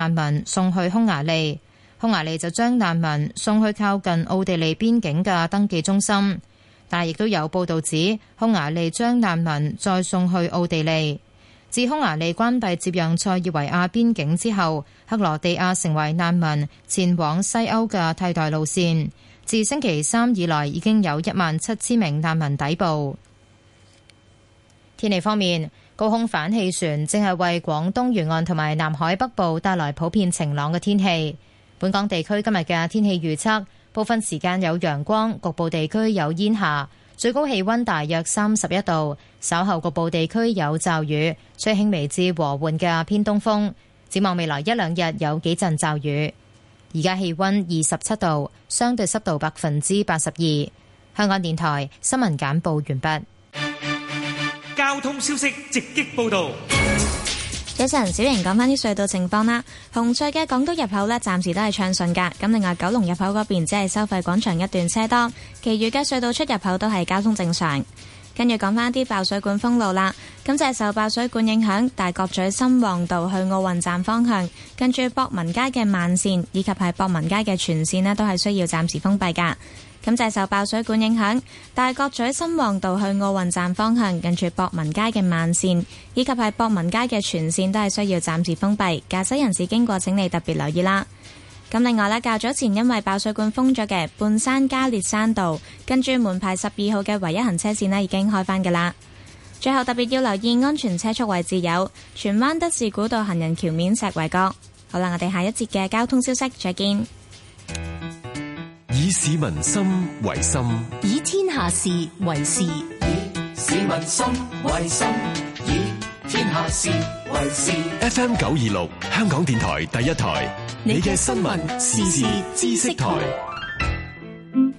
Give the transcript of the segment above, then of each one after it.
難民送去匈牙利，匈牙利就將難民送去靠近奧地利邊境嘅登記中心，但亦都有報道指匈牙利將難民再送去奧地利。自匈牙利關閉接壤塞爾維亞邊境之後，克羅地亞成為難民前往西歐嘅替代路線。自星期三以來，已經有一萬七千名難民抵步。天氣方面。高空反氣旋正係為廣東沿岸同埋南海北部帶來普遍晴朗嘅天氣。本港地區今日嘅天氣預測，部分時間有陽光，局部地區有煙霞，最高氣温大約三十一度。稍後局部地區有驟雨，吹輕微至和緩嘅偏東風。展望未來一兩日有幾陣驟雨。而家氣温二十七度，相對濕度百分之八十二。香港電台新聞簡報完畢。交通消息直擊報道。早晨，小瑩講翻啲隧道情況啦。紅隧嘅港島入口呢，暫時都係暢順噶。咁另外，九龍入口嗰邊只係收費廣場一段車多，其餘嘅隧道出入口都係交通正常。跟住講翻啲爆水管封路啦。咁就係受爆水管影響，大角咀深旺道去奧運站方向，跟住博文街嘅慢線以及係博文街嘅全線呢，都係需要暫時封閉噶。咁就係受爆水管影響，大角咀新旺道去奧運站方向，近住博文街嘅慢線，以及喺博文街嘅全線都係需要暫時封閉，駕駛人士經過請你特別留意啦。咁另外咧，較早前因為爆水管封咗嘅半山加列山道，跟住門牌十二號嘅唯一行車線已經開返噶啦。最後特別要留意安全車速位置有荃灣德士古道行人橋面石圍角。好啦，我哋下一節嘅交通消息再見。以市民心為心，以天下事為事。以市民心為心，以天下事為事。F M 九二六，香港電台第一台，你嘅新聞時事知識台。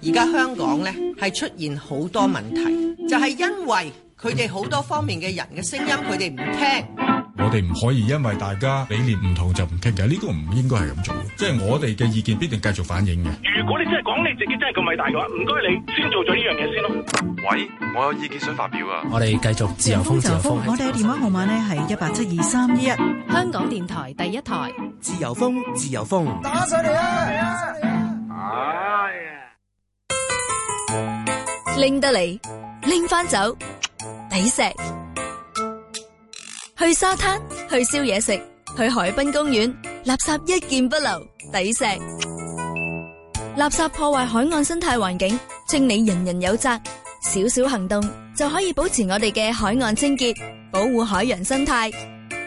而家香港咧，係出現好多問題，就係因為佢哋好多方面嘅人嘅聲音，佢哋唔聽。我哋唔可以因為大家理念唔同就唔傾嘅，呢個唔應該係咁做。即係我哋嘅意見必定繼續反映嘅。如果你真係講你自己真係咁偉大嘅話，唔該你先做咗呢樣嘢先咯。喂，我有意見想發表啊！我哋繼續自由風自由風。我哋嘅電話號碼呢係一八七二三一一。香港電台第一台，自由風，自由風。打上嚟啊！啊呀！拎得嚟，拎翻走，抵食。去沙灘，去燒嘢食，去海濱公園，垃圾一件不留抵食。垃圾破壞海岸生態環境，清理人人有責。少少行動就可以保持我哋嘅海岸清潔，保護海洋生態，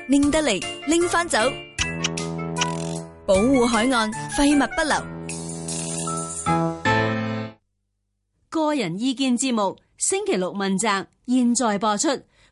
拎得嚟，拎翻走。保護海岸，廢物不留。個人意見節目，星期六問責，現在播出。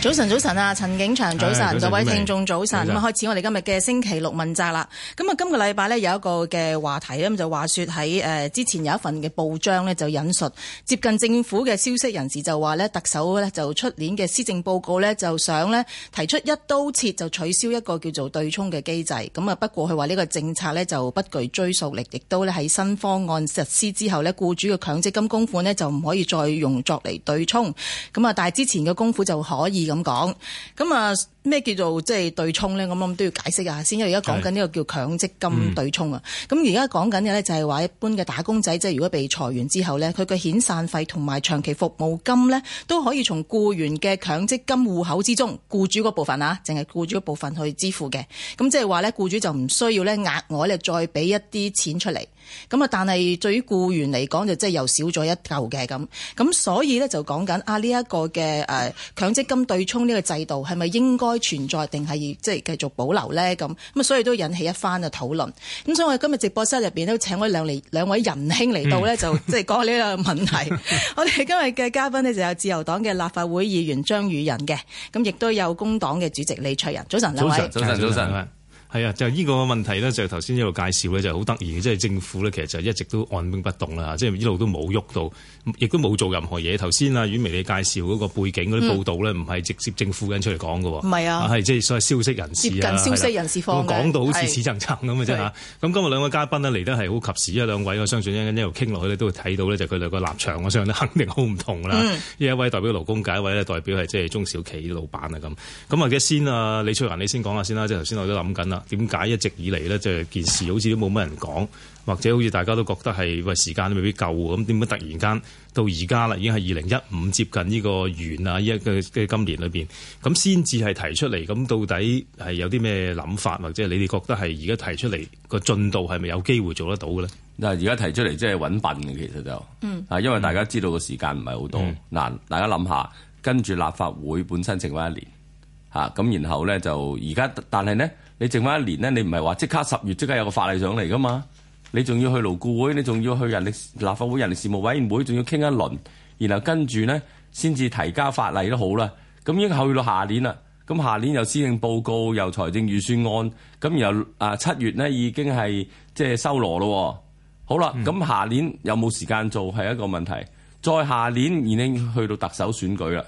早晨，早晨啊，陳景祥早晨，各位聽眾早晨。咁啊，開始我哋今日嘅星期六問責啦。咁啊，今個禮拜咧有一個嘅話題咧，咁就話說喺誒之前有一份嘅報章咧，就引述接近政府嘅消息人士就話咧，特首咧就出年嘅施政報告咧，就想咧提出一刀切就取消一個叫做對沖嘅機制。咁啊，不過佢話呢個政策咧就不具追溯力，亦都咧喺新方案實施之後咧，僱主嘅強積金供款咧就唔可以再用作嚟對沖。咁啊，但係之前嘅供款就可以。咁講，咁啊咩叫做即係對沖咧？咁咁都要解釋啊，先因為而家講緊呢個叫強積金對沖啊。咁而家講緊嘅咧就係話一般嘅打工仔，即係如果被裁員之後咧，佢嘅遣散費同埋長期服務金咧都可以從僱員嘅強積金戶口之中，僱主嗰部分啊，淨係僱主嗰部分去支付嘅。咁即係話咧，僱主就唔需要咧額外咧再俾一啲錢出嚟。咁、就是、啊！但係對於雇員嚟講，就即係又少咗一嚿嘅。咁咁所以咧就講緊啊呢一個嘅誒強積金對沖呢個制度係咪應該存在，定係即係繼續保留咧？咁咁啊，所以都引起一番嘅討論。咁所以我哋今日直播室入面都請咗兩嚟兩位仁兄嚟到咧，嗯、 就即係講呢個問題。我哋今日嘅嘉賓呢，就有自由黨嘅立法會議員張宇人嘅，咁亦都有工黨嘅主席李卓人。早晨，兩位。早係啊，就呢個問題呢，就頭先一路介紹呢，就好得意嘅，即、就、係、是、政府呢，其實就一直都按兵不動啦，即、就、係、是、一路都冇喐到，亦都冇做任何嘢。頭先啊，婉薇你介紹嗰個背景嗰啲、嗯、報道呢，唔係直接政府人出嚟講嘅喎。唔係、嗯、啊，係即係所謂消息人士接近消息人士放嘅。講到、啊那個、好似是似層層咁嘅啫嚇。咁是、啊、今日兩位嘉賓呢，嚟得係好及時，啊。兩位我相信，一路傾落去咧都會睇到呢，就佢哋個立場我相肯定好唔同啦。呢、嗯、一位代表勞工界，一位代表係即係中小企老闆啊咁。咁啊，嘅先啊，李卓人，你先講下先啦。即係頭先我都諗緊啦。點解一直以嚟呢？就是、件事好似都冇乜人講，或者好似大家都覺得係喂時間未必夠咁，點解突然間到而家啦，已經係二零一五接近呢個完啊？呢一個嘅今年裏邊，咁先至係提出嚟。咁到底係有啲咩諗法，或者你哋覺得係而家提出嚟個進度係咪有機會做得到嘅咧？嗱，而家提出嚟即係搵笨嘅，其實就啊，嗯、因為大家知道個時間唔係好多，嗱，嗯、大家諗下，跟住立法會本身剩返一年吓，咁然後咧就而家，但係咧。你剩翻一年咧，你唔係話即刻十月即刻有個法例上嚟㗎嘛？你仲要去勞顧會，你仲要去人力立法會人力事務委員會，仲要傾一輪，然後跟住咧先至提交法例都好啦。咁應該去到下年啦，咁下年又施政報告，又財政預算案，咁然後啊七月咧已經係即係收羅咯。好啦，咁下、嗯、年有冇時間做係一個問題。再下年已經去到特首選舉啦。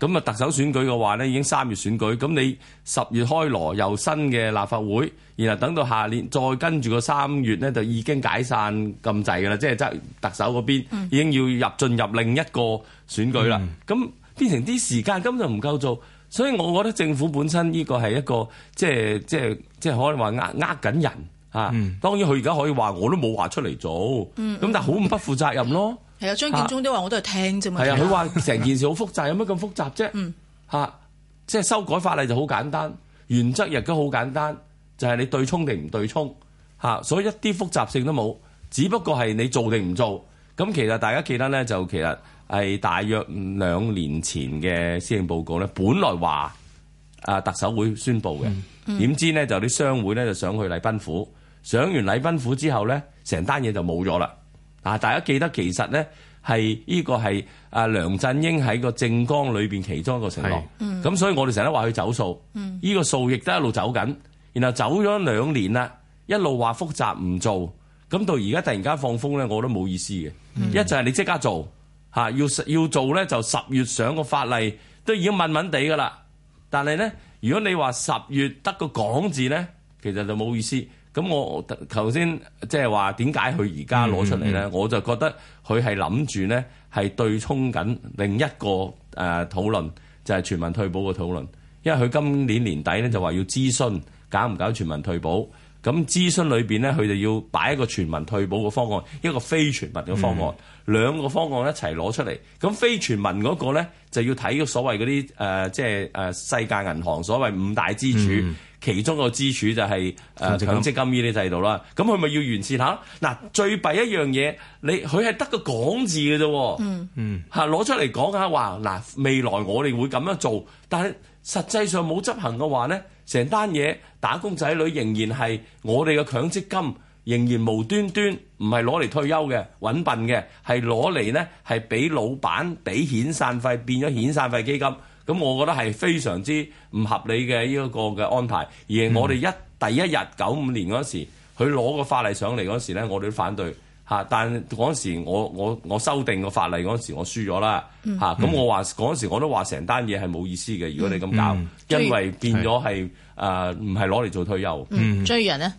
咁啊，特首選舉嘅話咧，已經三月選舉，咁你十月開鑼由新嘅立法會，然後等到下年再跟住個三月咧，就已經解散咁滯㗎喇，即係即特首嗰邊已經要入進入另一個選舉啦。咁、嗯、變成啲時間根本就唔夠做，所以我覺得政府本身呢個係一個即係即即可能話呃呃緊人啊。啊嗯、當然佢而家可以話我都冇話出嚟做，咁、嗯嗯、但好唔負責任咯。係啊，張建宗都話我都係聽啫嘛。係啊，佢話成件事好複雜， 有乜咁複雜啫？嗯，吓、啊，即係修改法例就好簡單，原則亦都好簡單，就係、是、你對沖定唔對沖吓、啊，所以一啲複雜性都冇，只不過係你做定唔做。咁其實大家記得咧，就其實係大約兩年前嘅施政報告咧，本來話啊特首會宣布嘅，點、嗯嗯、知咧就啲商會咧就上去禮賓府，上完禮賓府之後咧，成單嘢就冇咗啦。嗱，大家記得其實咧，係呢個係梁振英喺個政綱裏面其中一個承諾，咁是、嗯、所以我哋成日都話佢走數，呢、呢個數亦都一路走緊，然後走咗兩年啦，一路話複雜唔做，咁到而家突然間放風咧，我都冇意思嘅，嗯、一就係你即刻做，吓要要做咧就十月上個法例都已經慢慢地噶啦，但係咧如果你話十月得個講字咧，其實就冇意思。咁我頭先即係話點解佢而家攞出嚟咧？嗯嗯、我就覺得佢係諗住咧，係對沖緊另一個誒討論，就係、是、全民退保嘅討論。因為佢今年年底咧就話要諮詢搞唔搞全民退保。咁諮詢裏邊咧，佢就要擺一個全民退保嘅方案，一個非全民嘅方案，嗯、兩個方案一齊攞出嚟。咁非全民嗰個咧，就要睇個所謂嗰啲誒，即係誒世界銀行所謂五大支柱，嗯、其中個支柱就係、是、誒、呃、強積金呢啲制度啦。咁佢咪要完善下？嗱，最弊一樣嘢，你佢係得個「講」字嘅啫。嗯嗯，攞出嚟講下話，嗱未來我哋會咁樣做，但係實際上冇執行嘅話咧。成單嘢打工仔女仍然係我哋嘅強積金，仍然無端端唔係攞嚟退休嘅，揾笨嘅，係攞嚟呢係俾老闆俾遣散費，變咗遣散費基金。咁我覺得係非常之唔合理嘅呢一個嘅安排。而我哋一、嗯、第一日九五年嗰時，佢攞個法例上嚟嗰時呢，我哋都反對。嚇！但嗰時我我我修訂個法例嗰時，我輸咗啦，嚇，咁我話嗰時我都話成單嘢係冇意思嘅，如果你咁搞，嗯嗯、因為變咗係誒唔係攞嚟做退休。張宇人咧？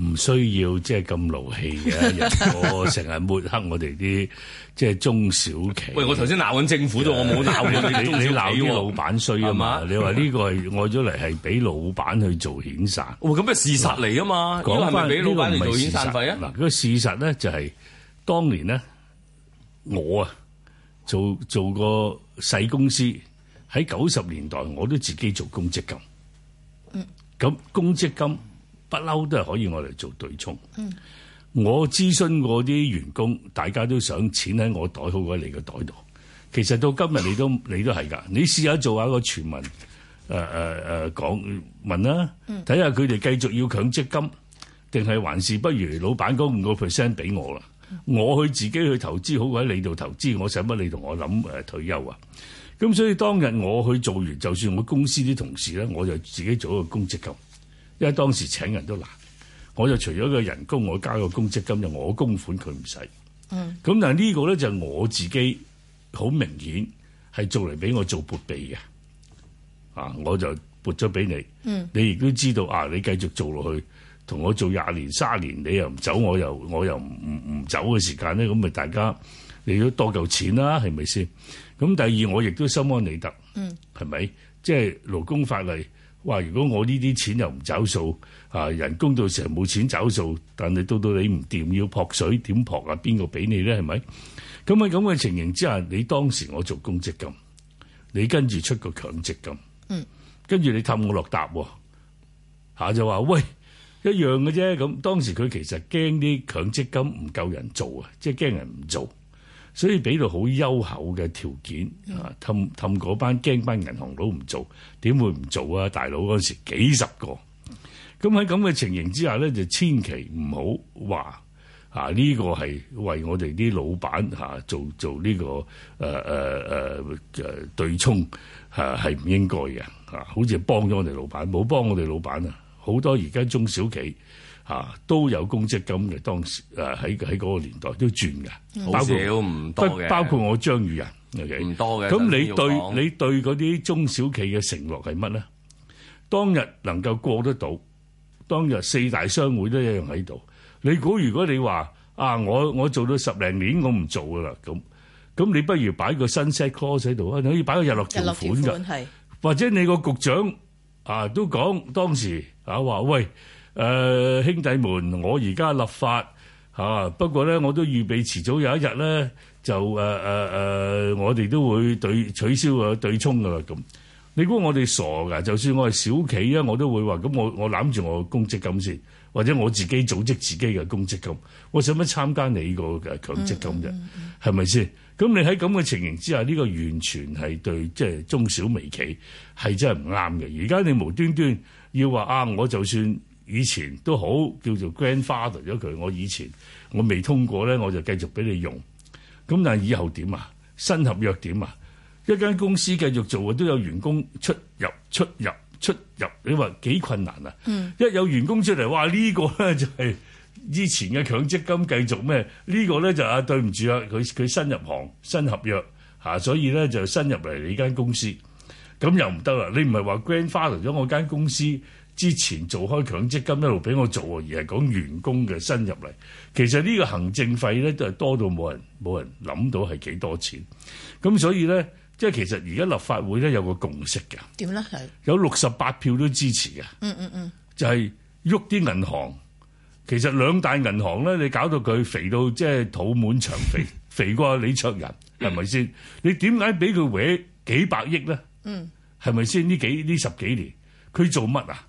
唔需要即係咁勞氣嘅，成日抹黑我哋啲即係中小企。 喂，我頭先鬧緊政府啫，我冇鬧緊啲中小企。你鬧啲老闆衰啊嘛？你話呢個係愛咗嚟係俾老闆去做遣散。喂，哦，咁咪事實嚟㗎嘛？講翻俾老闆嚟做遣散費啊？嗱，嗰個事實咧就係、是、當年咧，我啊做做個細公司，喺九十年代我都自己做公積金。咁公積金。不嬲都係可以我嚟做對沖。嗯、我諮詢過啲員工，大家都想錢喺我袋好過喺你個袋度。其實到今日你都 你都係㗎。你試下做下個傳聞誒誒誒講問啦，睇下佢哋繼續要強積金，定係還是不如老闆嗰五個 percent 俾我啦。我去自己去投資好過喺你度投資。我使乜你同我諗誒退休啊？咁所以當日我去做完，就算我公司啲同事咧，我就自己做一個公積金。因為當時請人都難，我就除咗個人工，我交個公積金就我供款他不用，佢唔使。嗯。咁但係呢個咧就我自己好明顯係做嚟俾我做撥備嘅，啊，我就撥咗俾你。嗯。你亦都知道啊，你繼續做落去，同我做廿年、卅年，你又唔走，我又我又唔唔唔走嘅時間咧，咁咪大家你都多嚿錢啦，係咪先？咁第二我亦都心安理得。嗯。係咪？即係勞工法例。哇！如果我呢啲錢又唔找數，人工到成日冇錢找數，但到你到到你唔掂要撲水點撲啊？邊個俾你咧？係咪？咁咪咁嘅情形之下，你當時我做公積金，你跟住出個強積金，嗯，跟住你氹我落答，下就話喂一樣嘅啫。咁當時佢其實驚啲強積金唔夠人做啊，即係驚人唔做，所以俾到好優厚嘅條件，氹氹嗰班驚班銀行佬唔做，點會唔做啊？大佬嗰時幾十個，咁喺咁嘅情形之下咧，就千祈唔好話啊！呢個係為我哋啲老闆嚇做做呢個誒誒誒誒對沖係唔應該嘅嚇。好似幫咗我哋老闆，冇幫我哋老闆啊！好多而家中小企。啊都有公積金嘅當時，誒喺喺嗰個年代都轉嘅，好少唔多嘅。包括我張宇人，OK，唔多嘅。咁你對你對嗰啲中小企嘅承諾係乜咧？當日能夠過得到，當日四大商會都一樣喺度。你估如果如果你話啊，我我做到十零年，我唔做噶啦，咁咁你不如擺個新 set course 喺度啊，你可以擺個日落條款嘅，或者你個局長啊都講當時啊話喂，誒、啊、兄弟們，我而家立法、啊、不過咧我都預備遲早有一日咧就誒誒、啊啊啊、我哋都會對取消個對沖噶啦。咁你估我哋傻噶？就算我係小企啊，我都會話咁。我我攬住我嘅公積金先，或者我自己組織自己嘅公積金，我使乜參加你個強積金啫？係咪先？咁、嗯、你喺咁嘅情形之下，呢、這個完全係對，即、就、係、是、中小微企係真係唔啱嘅。而家你無端端要話啊，我就算。以前都好叫做 grandfather 咗佢，我以前我未通過咧，我就繼續俾你用。咁但以後點啊？新合約點啊？一間公司繼續做都有員工出入出入出入，你話幾困難啊？嗯，一有員工出嚟，哇！呢個咧就係以前嘅強積金繼續咩？呢個咧就，啊對唔住啊，佢佢新入行新合約嚇，所以咧就新入嚟你間公司，咁又唔得啦。你唔係話 grandfather 咗我間公司？之前做開強積金一路俾我做喎，而係講員工嘅身入嚟。其實呢個行政費咧都係多到冇人冇人諗到係幾多錢咁，所以咧即係其實而家立法會咧有個共識嘅點咧係有六十八票都支持嘅、嗯。嗯嗯嗯，就係喐啲銀行。其實兩大銀行咧，你搞到佢肥到即係肚滿腸肥， 肥過李卓人係咪先？是是嗯、你點解俾佢搲幾百億咧？嗯，係咪先呢？呢幾呢十幾年佢做乜啊？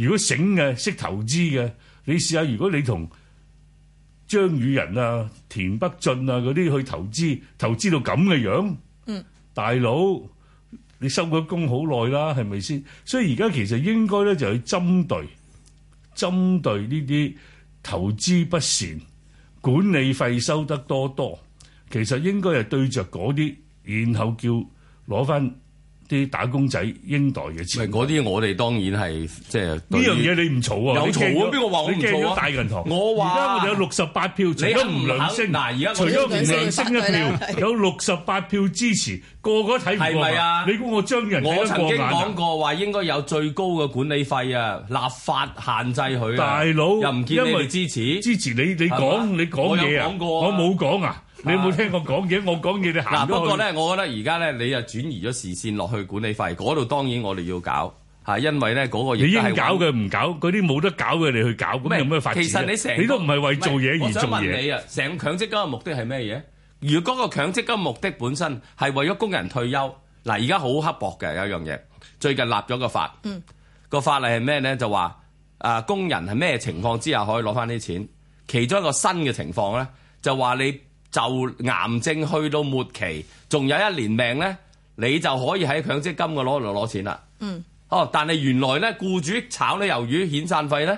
如果醒嘅識投資嘅，你試下如果你同張宇人啊、田北俊啊嗰啲去投資，投資到咁嘅樣，嗯、大佬你收咗工好耐啦，係咪先？所以而家其實應該咧就去針對，針對呢啲投資不善、管理費收得多多，其實應該係對着嗰啲，然後叫攞返。啲打工仔應代嘅錢，嗰啲我哋當然係即係呢樣嘢你唔嘈啊？有嘈啊，邊個話我唔嘈啊？大銀行。我話而家我哋有六十八票，除咗吳亮星，嗱，而家除咗吳亮星一票，有六十八票支持，個個睇唔咪啊，你估我將人睇得過眼啊？我曾經講過話應該有最高嘅管理費啊，立法限制佢。大佬又唔見你哋支持，支持你，你講你講嘢啊？我冇講啊。你有冇聽我講嘢，我講嘢你嗱，不過咧，我覺得而家咧，你啊轉移咗視線落去管理費嗰度，當然我哋要搞，吓，因為咧嗰、嗰個你應搞嘅唔搞，嗰啲冇得搞嘅你去搞，咁麼有咩法？其實你成，你都唔係為做嘢而做嘢。你啊，成強積金嘅目的係咩嘢？如果嗰個強積金目的本身係為咗工人退休，嗱，而家好刻薄嘅有一樣嘢，最近立咗個法，個、嗯、法例係咩咧？就話啊，工人係咩情況之下可以攞翻啲錢？其中一個新嘅情況咧，就話你。就癌症去到末期，仲有一年命咧，你就可以喺強積金嘅攞嚟攞錢啦。嗯，哦、啊，但係原來咧，僱主炒你魷魚遣散費咧，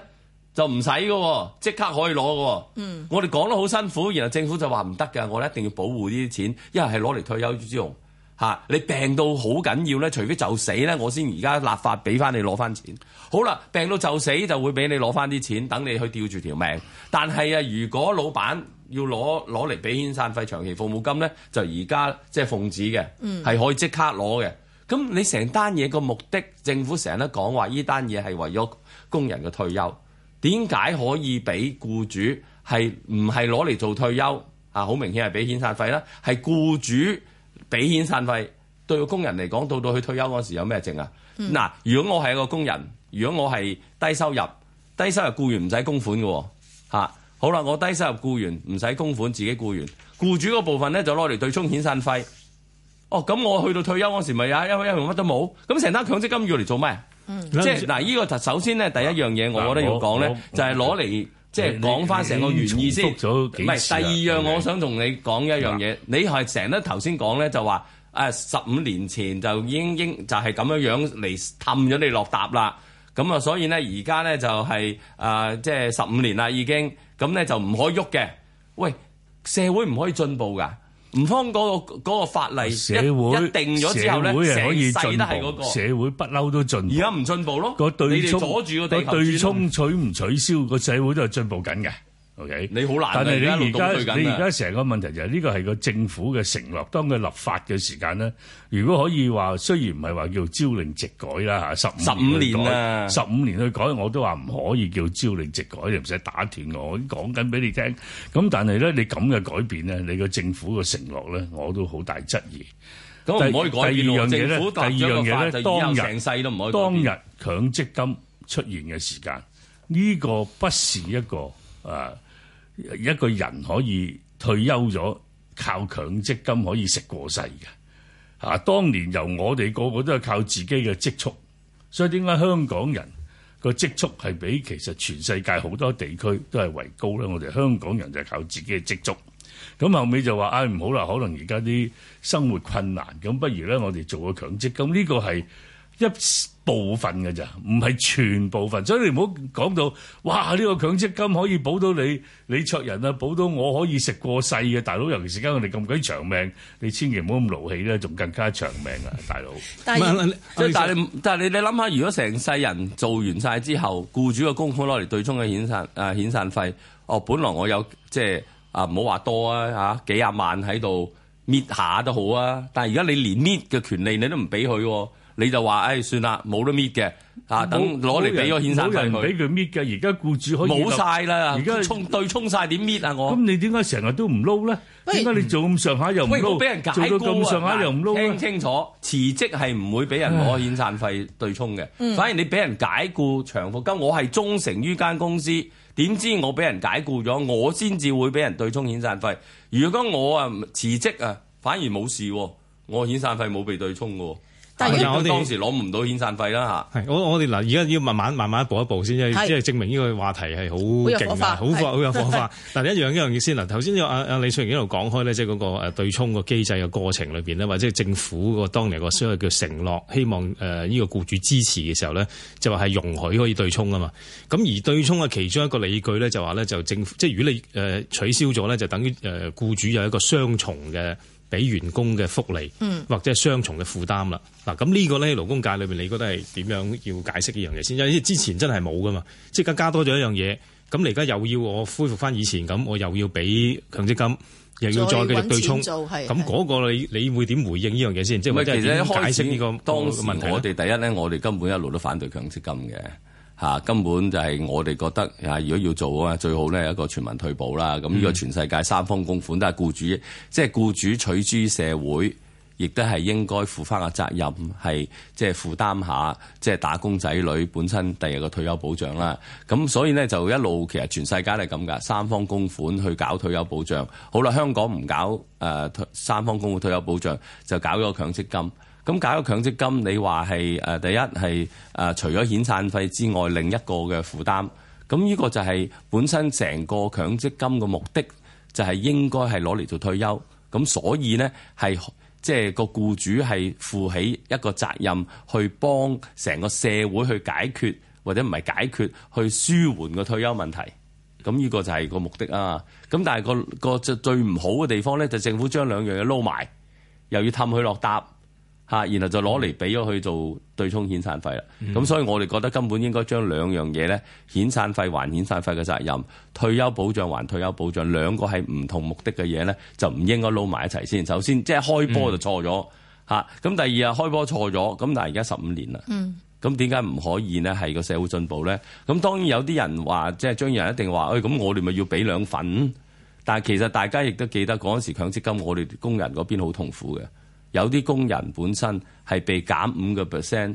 就唔使喎，即刻可以攞㗎。嗯，我哋講得好辛苦，然後政府就話唔得㗎。我哋一定要保護呢啲錢，因為係攞嚟退休之用。吓、啊、你病到好緊要咧，除非就死咧，我先而家立法俾翻你攞翻錢。好啦，病到就死就會俾你攞翻啲錢，等你去吊住條命。但係啊，如果老闆，要攞攞嚟俾遣散費、長期服務金咧，就而家即係奉旨嘅，係、嗯、可以即刻攞嘅。咁你成單嘢個目的，政府成日都講話依單嘢係為咗工人嘅退休。點解可以俾僱主係唔係攞嚟做退休啊？好明顯係俾遣散費啦。係僱主俾遣散費對個工人嚟講，到到去退休嗰時有咩證啊？嗱、嗯，如果我係一個工人，如果我係低收入、低收入僱員唔使供款嘅喎、啊好啦，我低收入僱員唔使供款，自己僱員僱主嗰部分咧就攞嚟對沖遣散費。哦，咁我去到退休嗰時咪啊，一蚊一毫乜都冇，咁成單強積金要嚟做咩？嗯、即係嗱，呢個、嗯、首先咧、嗯、第一樣嘢、嗯，我覺得要講咧就係攞嚟即係講翻成個原意先。唔係第二樣，我想同你講一樣嘢。白你係成日頭先講咧就話，誒十五年前就已經就係咁樣樣嚟氹咗你落搭啦。咁啊，所以咧而家咧就係啊，即係十五年啦已經，咁咧就唔可以喐嘅。喂，社會唔可以進步噶，唔通嗰個嗰個法例一定咗之後咧，可以進步。社會不嬲都進步。而家唔進步咯？個對沖對沖取唔取消，個社會都係進步緊嘅。O.K. 你好難，但係你而家你而家成個問題就係呢個係個政府嘅承諾。當佢立法嘅時間咧，如果可以話，雖然唔係話叫招令直改啦，吓十五年去改，十五年去改，我都話唔可以叫朝令夕改，你唔使打斷我講緊俾你聽。咁但係咧，你咁嘅改變咧，你個政府嘅承諾咧，我都好大質疑。咁唔可以改變。第二樣嘢咧，第二樣嘢咧，當日強積金出現嘅時間呢、這個不是一個。啊！一個人可以退休咗，靠強積金可以食過世嘅。啊，當年由我哋個個都係靠自己嘅積蓄，所以點解香港人個積蓄係比其實全世界好多地區都係為高咧？我哋香港人就係靠自己嘅積蓄。咁、啊、後尾就話，唉、哎，唔好啦，可能而家啲生活困難，咁不如咧，我哋做個強積金呢、呢個係。一部分㗎咋，唔係全部份。所以你唔好講到，哇！呢個強積金可以保到你，你卓人啊，保到我可以食過世嘅大佬。尤其而家我哋咁鬼長命，你千祈唔好咁勞氣咧，仲更加長命啊，大佬。但係即係但係但係你你諗下，如果成世人做完晒之後，雇主嘅公款攞嚟對沖嘅遣散啊遣散費，哦，本來我有即係啊，唔好話多啊嚇，幾廿萬喺度搣下都好啊。但係而家你連搣嘅權利你都唔俾佢。你就話誒、哎，算啦，冇得搣嘅啊，等攞嚟俾個遣散費冇人唔俾佢搣嘅，而家雇主可以冇晒啦，而家沖對沖晒點搣啊？我咁你點解成日都唔撈咧？點解你做咁上下又唔撈？做咁上下又唔撈？聽清楚，辭職係唔會俾人攞遣散費對沖嘅。唉反而你俾人解雇長服金，我係忠誠於間公司，點知我俾人解雇咗，我先至會俾人對沖遣散費。如果我啊辭職啊，反而冇事，我遣散費冇被對沖嘅。我哋當時攞唔到遣散費啦嚇。我我哋嗱，而家要慢慢慢慢一步一步先，即係即係證明呢個話題係好勁好好有火花。但係一樣，樣一樣嘢先啦。頭先有阿阿李翠怡一路講開咧，即係嗰個誒對沖個機制嘅過程裏面呢，或者政府個當年個所謂叫承諾，希望誒呢個僱主支持嘅時候呢，就話係容許可以對沖啊嘛。咁而對沖嘅其中一個理據呢，就話呢，就政府即係如果你誒取消咗呢，就等於誒僱主有一個雙重嘅。俾員工嘅福利，或者係雙重嘅負擔啦。嗱、嗯，咁呢個咧勞工界裏邊，你覺得係點樣要解釋呢樣嘢先？因為之前真係冇噶嘛，即刻加多咗一樣嘢，咁你而家又要我恢復翻以前咁，我又要俾強積金，又要再繼續對沖。咁嗰個你你會點回應呢樣嘢先？即係唔係？其實一解釋呢個當問題，我哋第一咧，我哋根本一路都反對強積金嘅。嚇、啊、根本就係我哋覺得啊，如果要做啊，最好咧一個全民退保啦。咁、嗯、呢個全世界三方供款都係僱主，即、就、係、是、僱主取之於社會，亦都係應該負翻個責任，係即係負擔下即係、就是、打工仔女本身第二個退休保障啦。咁所以呢，就一路其實全世界都係咁噶，三方供款去搞退休保障。好啦，香港唔搞誒、呃、三方供款退休保障，就搞咗個強積金。咁搞個強積金，你話係第一係誒除咗遣散費之外，另一個嘅負擔。咁呢個就係本身成個強積金嘅目的就係、是、應該係攞嚟做退休。咁所以呢，係即係個僱主係負起一個責任去幫成個社會去解決或者唔係解決去舒緩個退休問題。咁呢個就係個目的啊。咁但係個個最最唔好嘅地方呢，就是、政府將兩樣嘢撈埋，又要氹佢落搭。啊！然後就攞嚟俾咗佢做對沖遣散費啦。咁、嗯、所以我哋覺得根本應該將兩樣嘢咧，遣散費還遣散費嘅責任，退休保障還退休保障兩個係唔同目的嘅嘢咧，就唔應該撈埋一齊先。首先即係開波就錯咗。咁第二啊，開波錯咗。咁但係而家十五年啦。咁點解唔可以呢？係個社會進步咧。咁當然有啲人話，即係張議員一定話，誒、哎、咁我哋咪要俾兩份。但其實大家亦都記得嗰陣時強積金，我哋工人嗰邊好痛苦嘅。有啲工人本身係被減五個 percent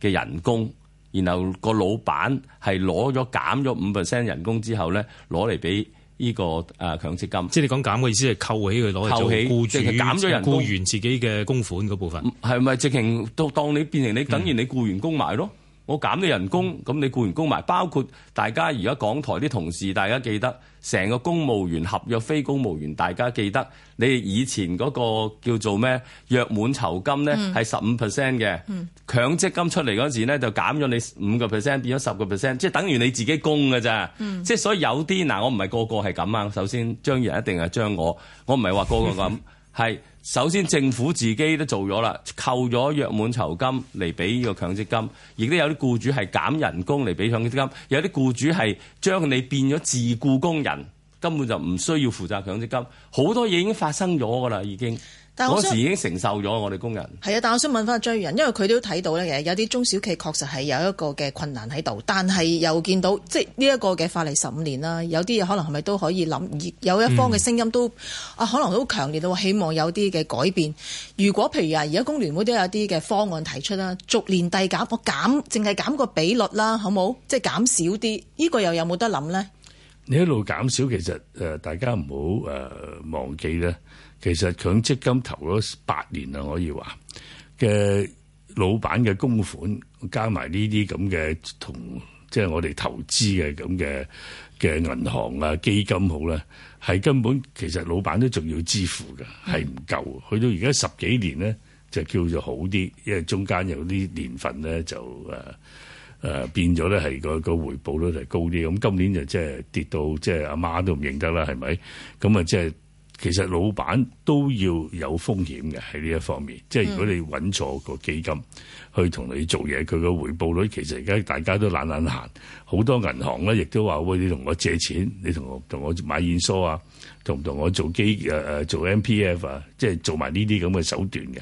嘅人工，然後個老闆係攞咗減咗五 percent 人工之後咧，攞嚟俾呢個誒強積金。即係你講減嘅意思係扣起佢攞嚟做起，即係減咗人工僱員自己嘅供款嗰部分，係咪直情當當你變成你等於你僱員供埋咯？嗯我減你人工，咁你僱員供埋，包括大家而家港台啲同事，大家記得成個公務員合約非公務員，大家記得你哋以前嗰個叫做咩？約滿酬金咧係十五 percent 嘅，嗯嗯、強積金出嚟嗰陣時咧就減咗你五個 percent，變咗十個 percent，即係等於你自己供㗎啫。即係、嗯、所以有啲嗱，我唔係個個係咁啊。首先張人一定係將我，我唔係話個個咁。嗯係首先政府自己都做咗啦，扣咗約滿酬金嚟俾呢個強積金，亦都有啲僱主係減人工嚟俾強積金，有啲僱主係將你變咗自僱工人，根本就唔需要負責強積金，好多嘢已經發生咗㗎啦，已經。嗰時已經承受咗，我哋工人係啊！但我想問翻張宇人，因為佢都睇到咧，其實有啲中小企確實係有一個嘅困難喺度，但係又見到即係呢一個嘅法例十五年啦，有啲嘢可能係咪都可以諗？有一方嘅聲音都、嗯、啊，可能都強烈到希望有啲嘅改變。如果譬如啊，而家工聯會都有啲嘅方案提出啦，逐年遞減，我減淨係減個比率啦，好冇？即係減少啲呢、呢個又有冇得諗呢？你一路減少，其實、呃、大家唔好、呃、忘記咧。其實強積金投咗八年啦，可以話嘅老闆嘅供款加埋呢啲咁嘅同即係我哋投資嘅咁嘅嘅銀行啊基金好咧，係根本其實老闆都仲要支付嘅，係唔夠。去到而家十幾年咧，就叫做好啲，因為中間有啲年份咧就誒誒、呃、變咗咧係個回報率係高啲。咁今年就即係跌到即係阿媽都唔認得啦，係咪？咁啊即係。其實老闆都要有風險嘅喺呢一方面，即係如果你揾錯個基金去同你做嘢，佢個回報率其實而家大家都懶懶閒，好多銀行咧亦都話：喂，你同我借錢，你同同我，我買現鈔啊，同唔同我做機誒、啊、做 MPF 啊，即係做埋呢啲咁嘅手段嘅。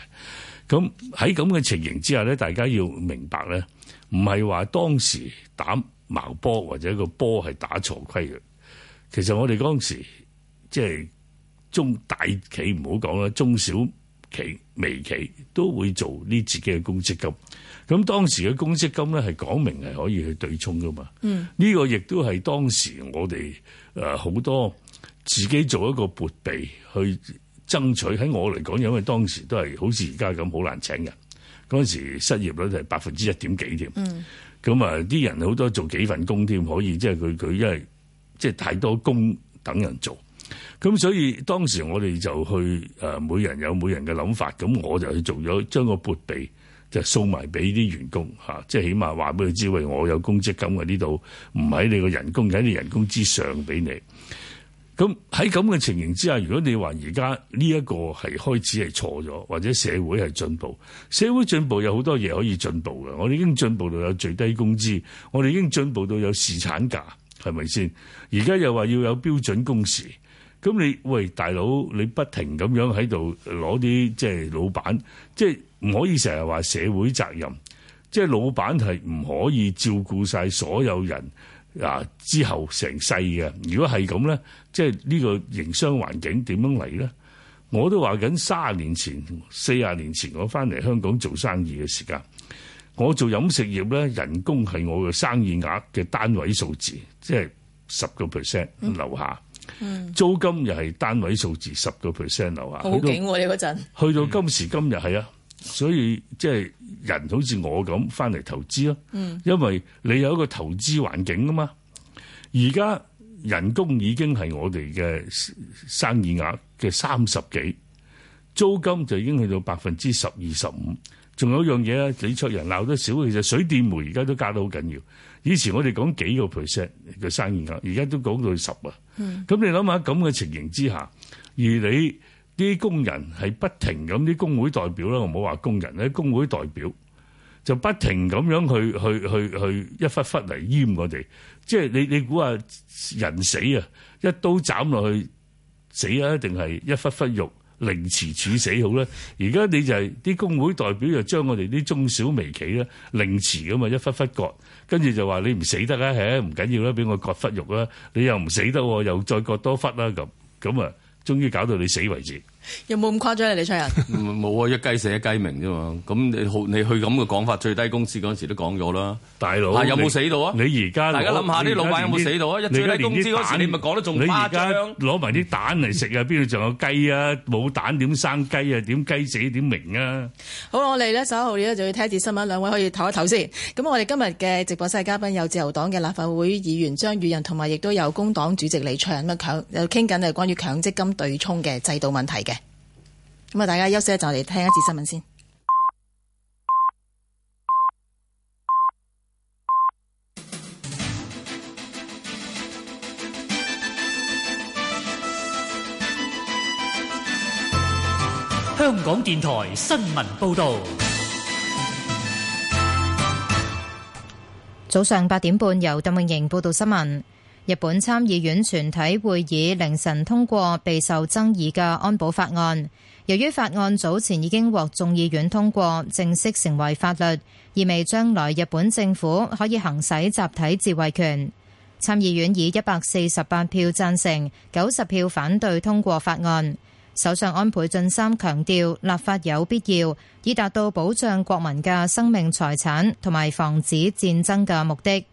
咁喺咁嘅情形之下咧，大家要明白咧，唔係話當時打矛波或者個波係打錯規嘅。其實我哋當時即係。中大企唔好講啦，中小企、微企都會做呢自己嘅公積金。咁當時嘅公積金咧係講明係可以去對沖噶嘛。嗯，呢個亦都係當時我哋誒好多自己做一個撥備去爭取。喺我嚟講，因為當時都係好似而家咁好難請人。嗰陣時失業率係百分之一點幾添。嗯，咁啊，啲人好多做幾份工添，可以即係佢佢因為即係太多工等人做。咁所以當時我哋就去誒，每人有每人嘅諗法。咁我就去做咗，將個撥備就送埋俾啲員工吓、啊，即係起碼話俾佢知，喂，我有公積金嘅呢度唔喺你個人工，喺你人工之上俾你。咁喺咁嘅情形之下，如果你話而家呢一個係開始係錯咗，或者社會係進步，社會進步有好多嘢可以進步嘅。我哋已經進步到有最低工資，我哋已經進步到有侍產假，係咪先？而家又話要有標準工時。咁你喂，大佬，你不停咁樣喺度攞啲即係老闆，即係唔可以成日話社會責任，即係老闆係唔可以照顧晒所有人啊，之後成世嘅。如果係咁咧，即係呢個營商環境點樣嚟咧？我都話緊卅年前，四啊年前我翻嚟香港做生意嘅時間，我做飲食業咧，人工係我嘅生意額嘅單位數字，即係十個 percent 樓下。嗯嗯、租金又係單位數字十個 percent 樓下好勁你嗰陣，去到今時今日係啊，嗯、所以即係人好似我咁翻嚟投資咯、啊，嗯，因為你有一個投資環境啊嘛，而家人工已經係我哋嘅生意額嘅三十幾，租金就已經去到百分之十二十五，仲有樣嘢咧，李卓人鬧得少，其實水電煤而家都加得好緊要。以前我哋講幾個 percent 嘅生意額，而家都講到十啊。咁你諗下咁嘅情形之下，而你啲工人係不停咁，啲工會代表咧，我唔好話工人咧，工會代表就不停咁樣去去去去一忽忽嚟閹我哋。即係你你估下人死啊一刀斬落去死啊，定係一忽忽肉？凌遲處死好啦。而家你就係、是、啲工會代表就將我哋啲中小微企咧凌遲咁啊，一忽忽割，跟住就話你唔死得啦，嘿唔緊要啦，俾我割忽肉啦，你又唔死得，又再割多忽啦咁，咁啊，終於搞到你死為止。有冇咁誇張啊？李卓人，冇啊！ 一雞死一雞鳴啫嘛。咁你好，你去咁嘅講法，最低工資嗰時都講咗啦。大佬哥、啊，有冇死到啊？你而家大家諗下啲老闆有冇死到啊？一最低工資嗰時蛋你咪講得仲誇張。攞埋啲蛋嚟食啊！邊度仲有雞啊？冇 蛋點生雞啊？點雞死點明啊？好，我哋咧十一號咧就要睇一節新聞，兩位可以唞一唞先。咁我哋今日嘅直播室嘉賓有自由黨嘅立法會議員張宇人，同埋亦都有工黨主席李卓人咁強，有傾緊係關於強積金對沖嘅制度問題嘅。咁啊，大家休息一陣，嚟聽一次新聞先。香港電台新聞報道，早上八點半由鄧，由鄧穎瑩報道新聞。日本參議院全體會議凌晨通過備受爭議嘅安保法案。由於法案早前已經獲眾議院通過，正式成為法律，意味將來日本政府可以行使集體自衛權，參議院以一百四十八票贊成、九十票反對通過法案。首相安倍晉三強調立法有必要，以達到保障國民嘅生命財產同埋防止戰爭嘅目的。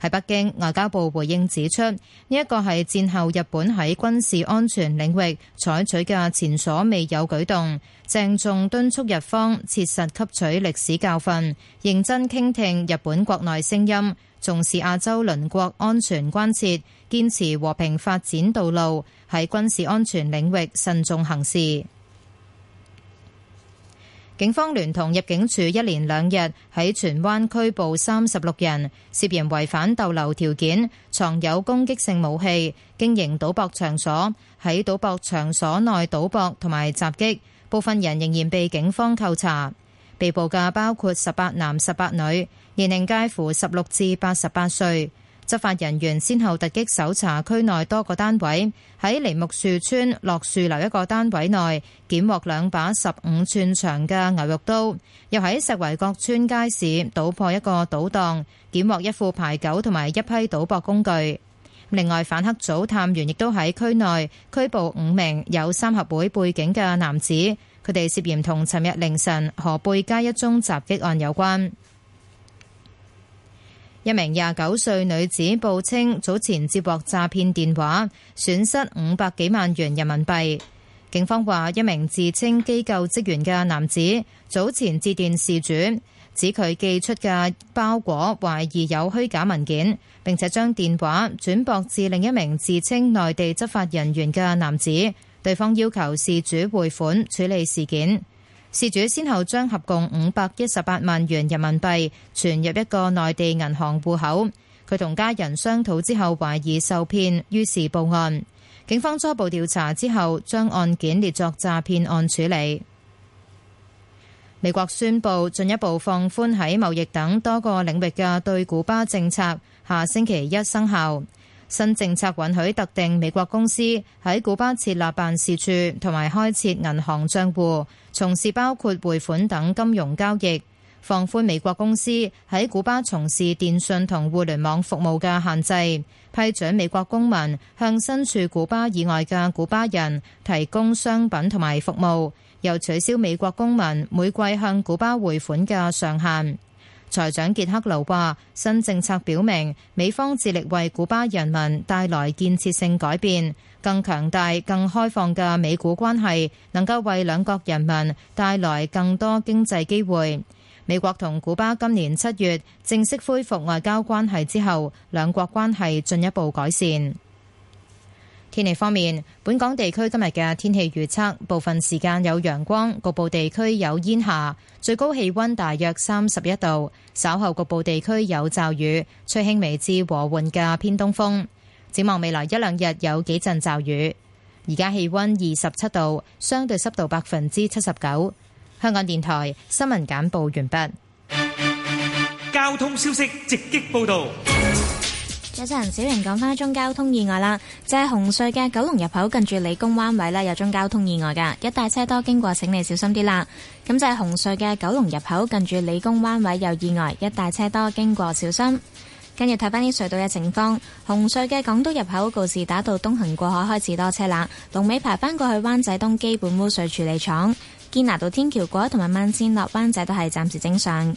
喺北京，外交部回應指出，呢一個係戰後日本喺軍事安全領域採取嘅前所未有舉動。鄭重敦促日方切實吸取歷史教訓，認真傾聽日本國內聲音，重視亞洲鄰國安全關切，堅持和平發展道路，喺軍事安全領域慎重行事。警方聯同入境處一連兩日喺荃灣拘捕三十六人，涉嫌違反逗留條件、藏有攻擊性武器、經營賭博場所、喺賭博場所內賭博同埋襲擊。部分人仍然被警方扣查，被捕嘅包括十八男十八女，年齡介乎十六至八十八歲。執法人員先後突擊搜查區內多個單位，喺梨木樹村落樹樓一個單位內，檢獲兩把十五吋長嘅牛肉刀；又喺石圍角村街市搗破一個賭檔，檢獲一副牌九同埋一批賭博工具。另外，反黑組探員亦都喺區內拘捕五名有三合會背景嘅男子，佢哋涉嫌同尋日凌晨河背街一宗襲擊案有關。一名廿九歲女子報稱早前接獲詐騙電話，損失五百幾萬元人民幣。警方話，一名自稱機構職員嘅男子早前致電事主，指佢寄出嘅包裹懷疑有虛假文件，並且將電話轉駁至另一名自稱內地執法人員嘅男子，對方要求事主匯款處理事件。事主先後將合共五百一十八萬元人民幣存入一個內地銀行戶口，佢同家人商討之後懷疑受騙，於是報案。警方初步調查之後，將案件列作詐騙案處理。美國宣布進一步放寬喺貿易等多個領域嘅對古巴政策，下星期一生效。新政策允許特定美國公司喺古巴設立辦事處同埋開設銀行賬戶，從事包括匯款等金融交易；放寬美國公司喺古巴從事電訊同互聯網服務嘅限制；批准美國公民向身處古巴以外嘅古巴人提供商品同埋服務，又取消美國公民每季向古巴匯款嘅上限。財長傑克劉話：新政策表明美方致力為古巴人民帶來建設性改變，更強大、更開放嘅美古關係能夠為兩國人民帶來更多經濟機會。美國同古巴今年七月正式恢復外交關係之後，兩國關係進一步改善。天氣方面，本港地區今日嘅天氣預測，部分時間有陽光，局部地區有煙霞，最高氣溫大約三十一度。稍後局部地區有驟雨，吹輕微至和緩嘅偏東風。展望未來一兩日有幾陣驟雨。而家氣溫二十七度，相對濕度百分之七十九。香港電台新聞簡報完畢。交通消息直擊報道。有人小人講返一宗交通意外啦，就係紅隧嘅九龍入口近住理工灣位呢有宗交通意外噶，一帶車多經過，請你小心啲啦。咁就係紅隧嘅九龍入口近住理工灣位有意外，一帶車多經過小心。跟住睇翻啲隧道嘅情況，紅隧嘅港島入口告士打道東行過海開始多車啦，龍尾排翻過去灣仔東基本污水處理廠，堅拿道天橋過同埋萬尖落灣仔都係暫時正常。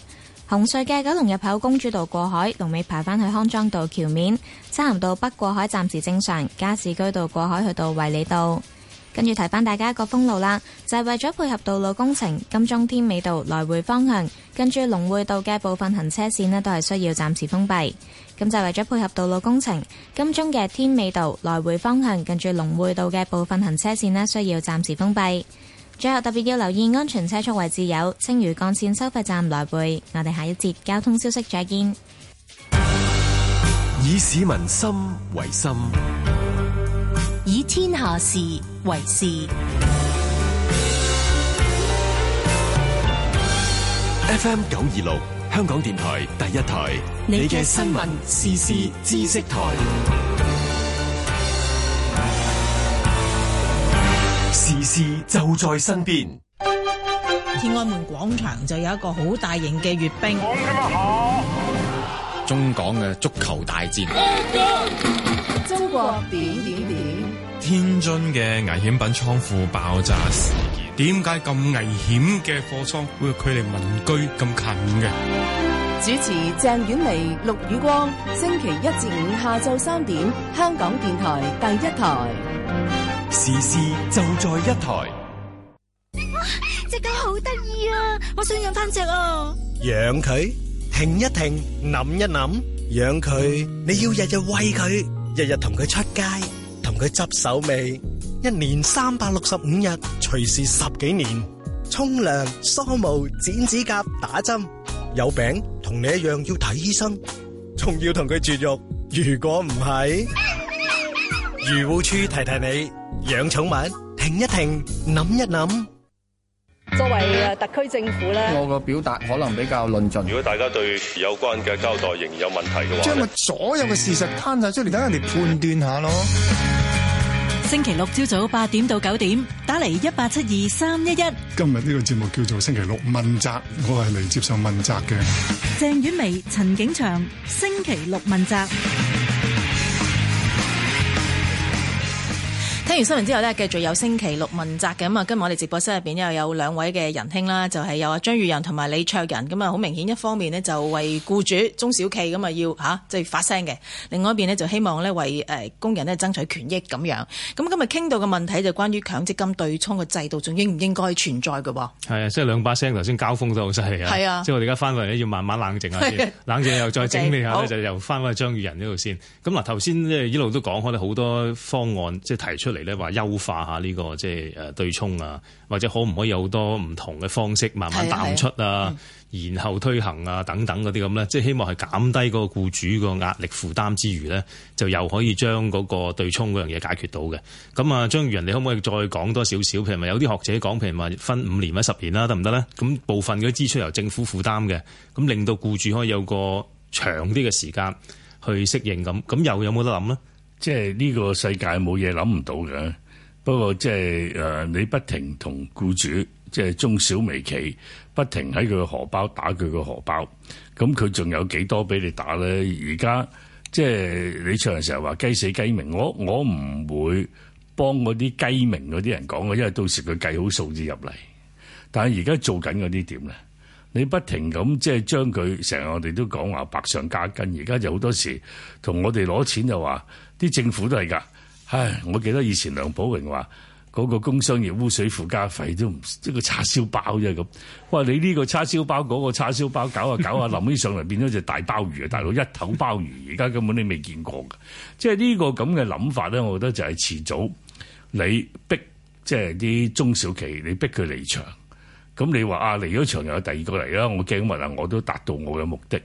紅隧嘅九龍入口公主道過海，龍尾排返去康莊道橋面。漆咸道北過海暫時正常，加士居道過海去到衛理道。跟住提翻大家一個封路啦，就係為咗配合道路工程，金鐘添美道來回方向跟住龍匯道嘅部分行車線都係需要暫時封閉。咁就為咗配合道路工程，金鐘嘅添美道來回方向跟住龍匯道嘅部分行車線需要暫時封閉。最後特別要留意安全車速位置，有青嶼幹線收費站來回。我哋下一節交通消息再見。以市民心為心，以天下事為事。FM 九二六，香港電台第一台，你嘅新聞時事知識台。時事就在身邊。天安門廣場就有一個好大型嘅閱兵。中港嘅足球大戰。中國點點點。天津嘅危險品倉庫爆炸事件，點解咁危險嘅貨倉會距離民居咁近嘅？主持鄭婉薇、陸宇光，星期一至五下晝三點，香港電台第一台。時事就在一台。隻狗好得意啊，我想養翻隻啊。養佢，停一停，諗一諗，養佢，你要日日餵佢，日日同佢出街，同佢執手尾，一年三百六十五日，隨時十幾年，沖涼、梳毛、剪指甲、打針，有病同你一樣要睇醫生，仲要同佢絕育。如果唔係。漁護處提提你，養寵物停一停，諗一諗。作為誒特區政府咧，我個表達可能比較論盡。如果大家對有關嘅交代仍然有問題嘅話，將咪所有嘅事實攤晒出嚟，等人哋判斷下咯。星期六朝早八點到九點，打嚟一八七二三一一。今日呢個節目叫做星期六問責，我係嚟接受問責嘅。鄭婉薇、陳景祥，星期六問責。聽完新聞之後呢，繼續有星期六問責嘅咁啊。今日我哋直播室入邊又有兩位嘅仁兄啦，就係、是、有張宇人同埋李卓人咁啊。好明顯，一方面呢，就為雇主中小企咁啊要吓即係發聲嘅，另外一邊呢，就希望呢，為誒工人呢爭取權益咁樣。咁今日傾到嘅問題就關於強積金對沖嘅制度，仲應唔應該存在嘅？係啊，即係兩把聲頭先交鋒都好犀利啊！係啊的，即係我哋而家翻嚟呢要慢慢冷靜下先，的冷靜又再整理下呢，okay, 就又翻翻張宇人呢度先。咁嗱，頭先即係一路都講開好多方案即係提出嚟。你話優化下呢、這個即係誒對沖啊，或者可唔可以有多唔同嘅方式慢慢淡出啊，然後推行啊等等嗰啲咁咧，即係希望係減低嗰個僱主個壓力負擔之餘咧，就又可以將嗰個對沖嗰樣嘢解決到嘅。咁啊，張宇仁，你可唔可以再講多少少？譬如話有啲學者講，譬如話分五年或十年啦，得唔得咧？咁部分嘅支出由政府負擔嘅，咁令到僱主可以有一個長啲嘅時間去適應咁，咁又有冇得諗咧？即係呢個世界冇嘢諗唔到嘅。不過即係誒、呃，你不停同僱主，即係中小微企，不停喺佢個荷包打佢個荷包。咁佢仲有幾多俾你打咧？而家即係你唱成日話雞死雞明，我我唔會幫嗰啲雞明嗰啲人講嘅，因為到時佢計好數字入嚟。但係而家做緊嗰啲點咧？你不停咁即係將佢成日我哋都講話百上加斤。而家就好多時同我哋攞錢就話。啲政府都係㗎，唉！我記得以前梁寶榮話嗰個工商業污水附加費都唔即個叉燒包啫咁。哇！你呢個叉燒包，嗰個叉燒包，搞下搞下諗起上嚟變咗隻大鮑魚啊！大佬一頭鮑魚，而家根本你未見過㗎。即係呢個咁嘅諗法咧，我覺得就係遲早你逼即係啲中小企，你逼佢離場，咁你話啊離咗場又有第二個嚟啦，我驚乜啊？我都達到我嘅目的。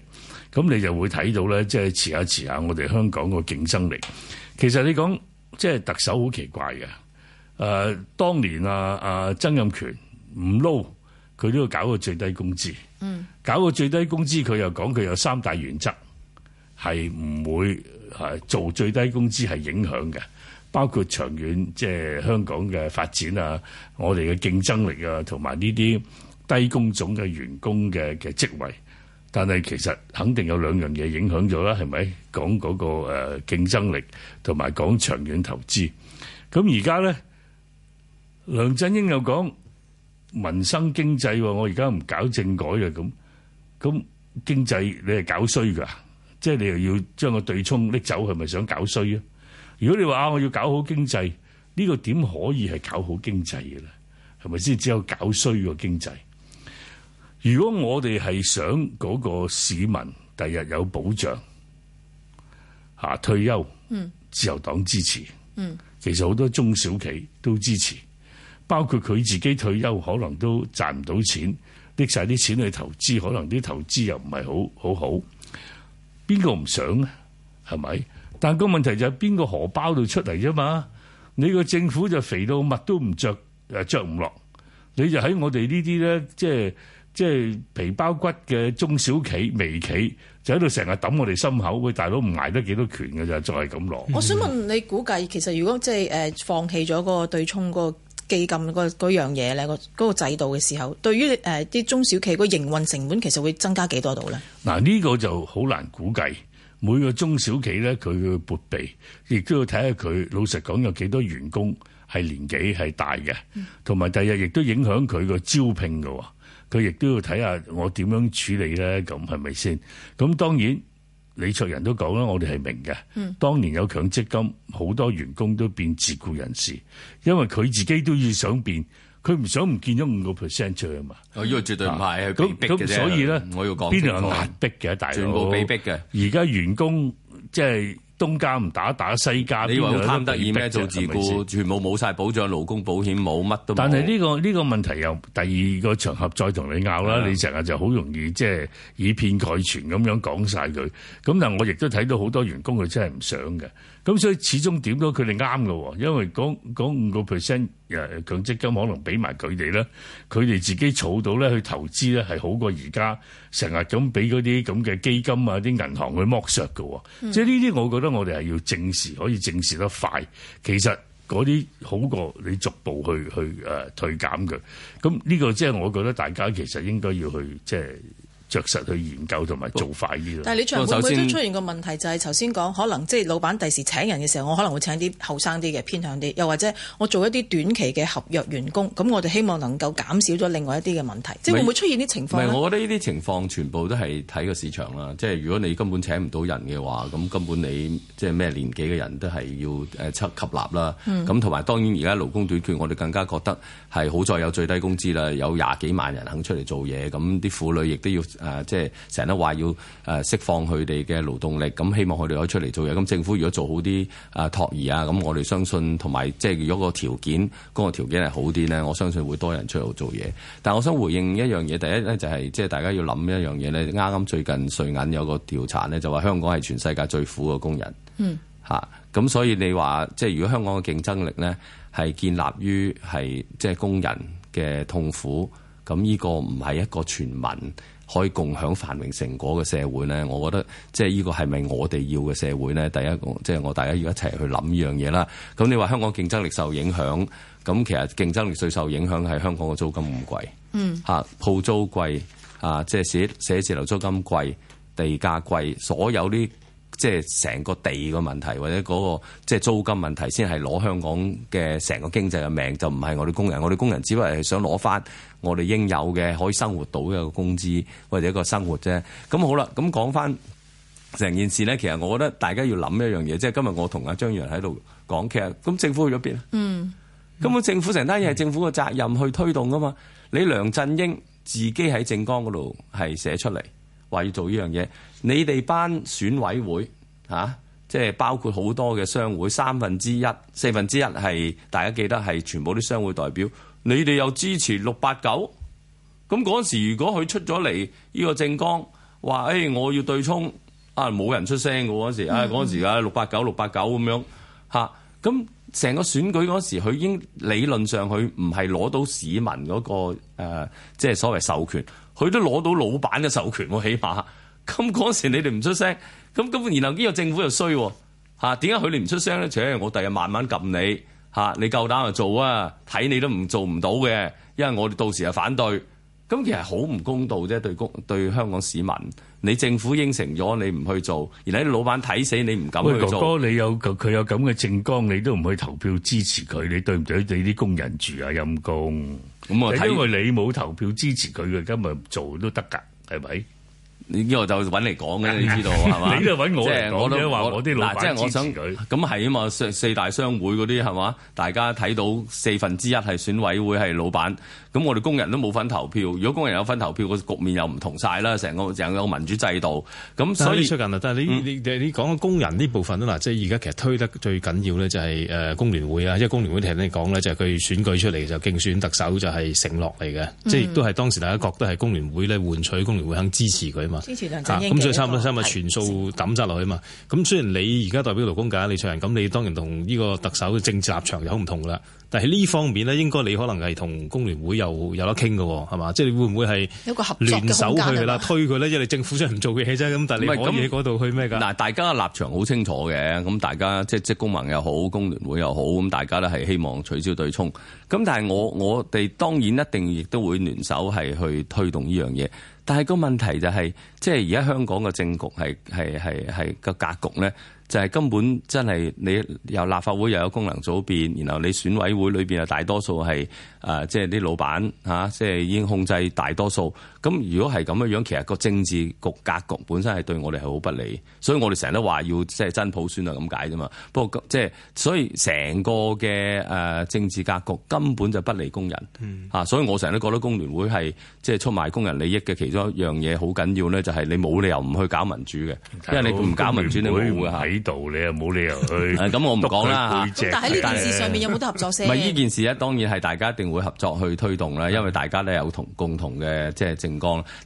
咁你就會睇到咧，即係遲下遲下，我哋香港個競爭力。其實你講即係特首好奇怪嘅。誒、呃、當年啊啊，曾蔭權唔撈，佢都要搞個最低工資，嗯。搞個最低工資，佢又講佢有三大原則，係唔會誒做最低工資係影響嘅，包括長遠即係香港嘅發展啊，我哋嘅競爭力啊，同埋呢啲低工種嘅員工嘅嘅職位。但係其實肯定有兩樣嘢影響咗啦，係咪講嗰、那個競、呃、競爭力同埋講長遠投資？咁而家咧，梁振英又講民生經濟，我而家唔搞政改啊咁。咁經濟你係搞衰㗎，即係你又要將個對沖拎走，係咪想搞衰啊？如果你話我要搞好經濟，呢、這個點可以係搞好經濟嘅咧？係咪先只有搞衰個經濟？如果我哋係想嗰個市民第日有保障，吓、啊、退休，自由黨支持，嗯、其實好多中小企都支持，包括佢自己退休可能都賺唔到錢，拎晒啲錢去投資，可能啲投資又唔係好好好，邊個唔想啊？係咪？但個問題就係、是、邊個荷包度出嚟啫嘛？你個政府就肥到乜都唔着誒，着唔落，你就喺我哋呢啲咧，即係。即係皮包骨嘅中小企、微企，就喺度成日抌我哋心口。喂，大佬唔挨得幾多拳嘅就，就係咁攞。我想問你估計，其實如果即係、呃、放棄咗個對沖個基金個嗰樣嘢咧，嗰、那個個制度嘅時候，對於啲、呃、中小企嗰營運成本其實會增加幾多度咧？嗱、嗯，呢個就好難估計。每個中小企咧，佢嘅撥備，亦都要睇下佢老實講有幾多員工係年紀係大嘅，同埋第二日亦都影響佢個招聘喎。佢亦都要睇下我點樣處理咧，咁係咪先？咁當然李卓人都講啦，我哋係明嘅。當年有強積金，好多員工都變自雇人士，因為佢自己都要想變，佢唔想唔見咗五個 percent 出去啊嘛。哦，呢個絕對唔係佢被逼。咁咁所以咧，要兩我要講邊有壓迫嘅？大佬全部被逼嘅。而家員工即係。東家唔打，打西家。你話貪得意咩做自雇，是是全部冇晒保障，勞工保險冇，乜都冇、這個。但係呢個呢個問題又第二個場合再同你拗啦。的你成日就好容易即係以偏概全咁樣講晒佢。咁但我亦都睇到好多員工佢真係唔想嘅。咁所以始終點到佢哋啱喎。因為講五個 percent 誒強積金可能俾埋佢哋啦，佢哋自己儲到咧，去投資咧，係好過而家成日咁俾嗰啲咁嘅基金啊、啲銀行去剝削喎。即係呢啲我覺得我哋係要正視，可以正視得快。其實嗰啲好過你逐步去去誒退減佢。咁呢個即係我覺得大家其實應該要去即係。著實去研究同埋做快啲咯。但係你長唔長都出現個問題，就是，就係頭先講，可能即係老闆第時請人嘅時候，我可能會請啲後生啲嘅，偏向啲，又或者我做一啲短期嘅合約員工，咁我哋希望能夠減少咗另外一啲嘅問題，不即係會唔會出現啲情況？唔係，我覺得呢啲情況全部都係睇個市場啦。即係如果你根本請唔到人嘅話，咁根本你即係咩年紀嘅人都係要誒出吸納啦。咁同埋當然而家勞工短缺，我哋更加覺得係好在有最低工資啦，有廿幾萬人肯出嚟做嘢，咁啲婦女亦都要。啊，即係成日都話要誒釋放佢哋嘅勞動力，咁希望佢哋可以出嚟做嘢。咁政府如果做好啲啊託兒啊，咁我哋相信同埋即係如果個條件嗰個條件係好啲咧，我相信會多人出嚟做嘢。但係我想回應一樣嘢，第一咧就係即係大家要諗一樣嘢咧。啱啱最近瑞銀有個調查咧，就話香港係全世界最苦嘅工人。嗯。嚇、啊，咁所以你話即係如果香港嘅競爭力咧係建立於係即係工人嘅痛苦，咁呢個唔係一個傳聞。可以共享繁榮成果嘅社會咧，我覺得即係呢個係咪我哋要嘅社會咧？第一，即係我大家要一齊去諗呢樣嘢啦。咁你話香港競爭力受影響，咁其實競爭力最受影響係香港嘅租金咁貴，嗯，嚇，啊，鋪租貴，啊，即係寫寫字樓租金貴、地價貴，所有啲。即係成個地個問題，或者嗰個即係租金問題，先係攞香港嘅成個經濟嘅命，就唔係我哋工人。我哋工人只不過係想攞翻我哋應有嘅可以生活到嘅個工資或者一個生活啫。咁好啦，咁講翻成件事呢，其實我覺得大家要諗一樣嘢，即係今日我同阿張宇人喺度講劇，咁政府去咗邊咧？嗯，根本政府成單嘢係政府嘅責任去推動噶嘛。你梁振英自己喺政綱嗰度係寫出嚟話要做依樣嘢。你哋班選委會即係包括好多嘅商會，三分之一、四分之一係大家記得係全部啲商會代表。你哋又支持六八九，咁嗰時如果佢出咗嚟呢個政綱話誒我要對沖，啊冇人出聲嘅嗰時，啊嗰時啊六八九六八九，咁樣咁成個選舉嗰時佢已經理論上佢唔係攞到市民嗰個，誒，即係所謂授權，佢都攞到老闆嘅授權喎，起碼。咁嗰時你哋唔出聲，咁咁然後呢個政府又衰，吓點解佢哋唔出聲咧？除咗我第日慢慢撳你，吓你夠膽就做啊！睇你都唔做唔到嘅，因為我哋到時就反對，咁其實好唔公道啫。對公對香港市民，你政府應承咗你唔去做，然後老闆睇死你唔敢去做。喂，哥哥，你有佢有咁嘅政綱，你都唔去投票支持佢，你對唔對？你啲工人住啊，陰公。咁啊，睇過你冇投票支持佢嘅，今日唔做都得噶，係咪？呢依個就揾嚟講嘅，你知道係嘛？是 你我是我都揾我嚟講，話我啲老闆支持佢。咁係啊嘛，四大商會嗰啲係嘛？大家睇到四分之一係選委會係老闆，咁我哋工人都冇份投票。如果工人有份投票，個局面又唔同晒啦。成個成個民主制度，咁所以最近但係你、嗯、你講嘅工人呢部分都嗱，即係而家其實推得最緊要咧，就係誒工聯會啊。因為工聯會聽你講咧，就係佢選舉出嚟就競選特首，就係承諾嚟嘅，嗯、即係亦都係當時大家覺得係工聯會咧，換取工聯會肯支持佢.支持，咁所以差唔多，差唔多全數抌曬落去啊嘛！咁雖然你而家代表勞工界、李卓人，咁你當然同呢個特首嘅政治立場有唔同噶啦。但係呢方面咧，應該你可能係同工聯會又有，有得傾噶，係嘛？即係會唔會係有個合作嘅空間去啦，推佢咧，因為政府真係唔做嘅嘢啫。咁但係你可以喺嗰度去咩㗎？嗱，大家立場好清楚嘅。咁大家即係職工盟又好，工聯會又好，咁大家咧係希望取消對沖。咁但係我我哋當然一定亦都會聯手係去推動呢樣嘢。但係個問題就係、係，即係而家香港嘅政局係係係係個格局咧，就係根本真係你由立法會又有，有功能組別，然後你選委會裏面又大多數係誒，即係啲老闆吓，即係已經控制大多數。咁如果係咁嘅樣，其實個政治局格局本身係對我哋係好不利，所以我哋成日都話要即係真普選啊，咁解啫嘛。不過即係所以成個嘅政治格局根本就不利工人吓，所以我成日都覺得工聯會係即係出賣工人利益嘅其中一樣嘢，好緊要咧就係、是、你冇理由唔去搞民主嘅，因為你唔搞民主你會唔會喺度，你又冇理由去、 嗯。咁、嗯、我唔講啦吓，但係呢件事上面有冇得合作先？唔係呢件事咧，當然係大家一定會合作去推動啦，因為大家咧有同共同嘅即係政。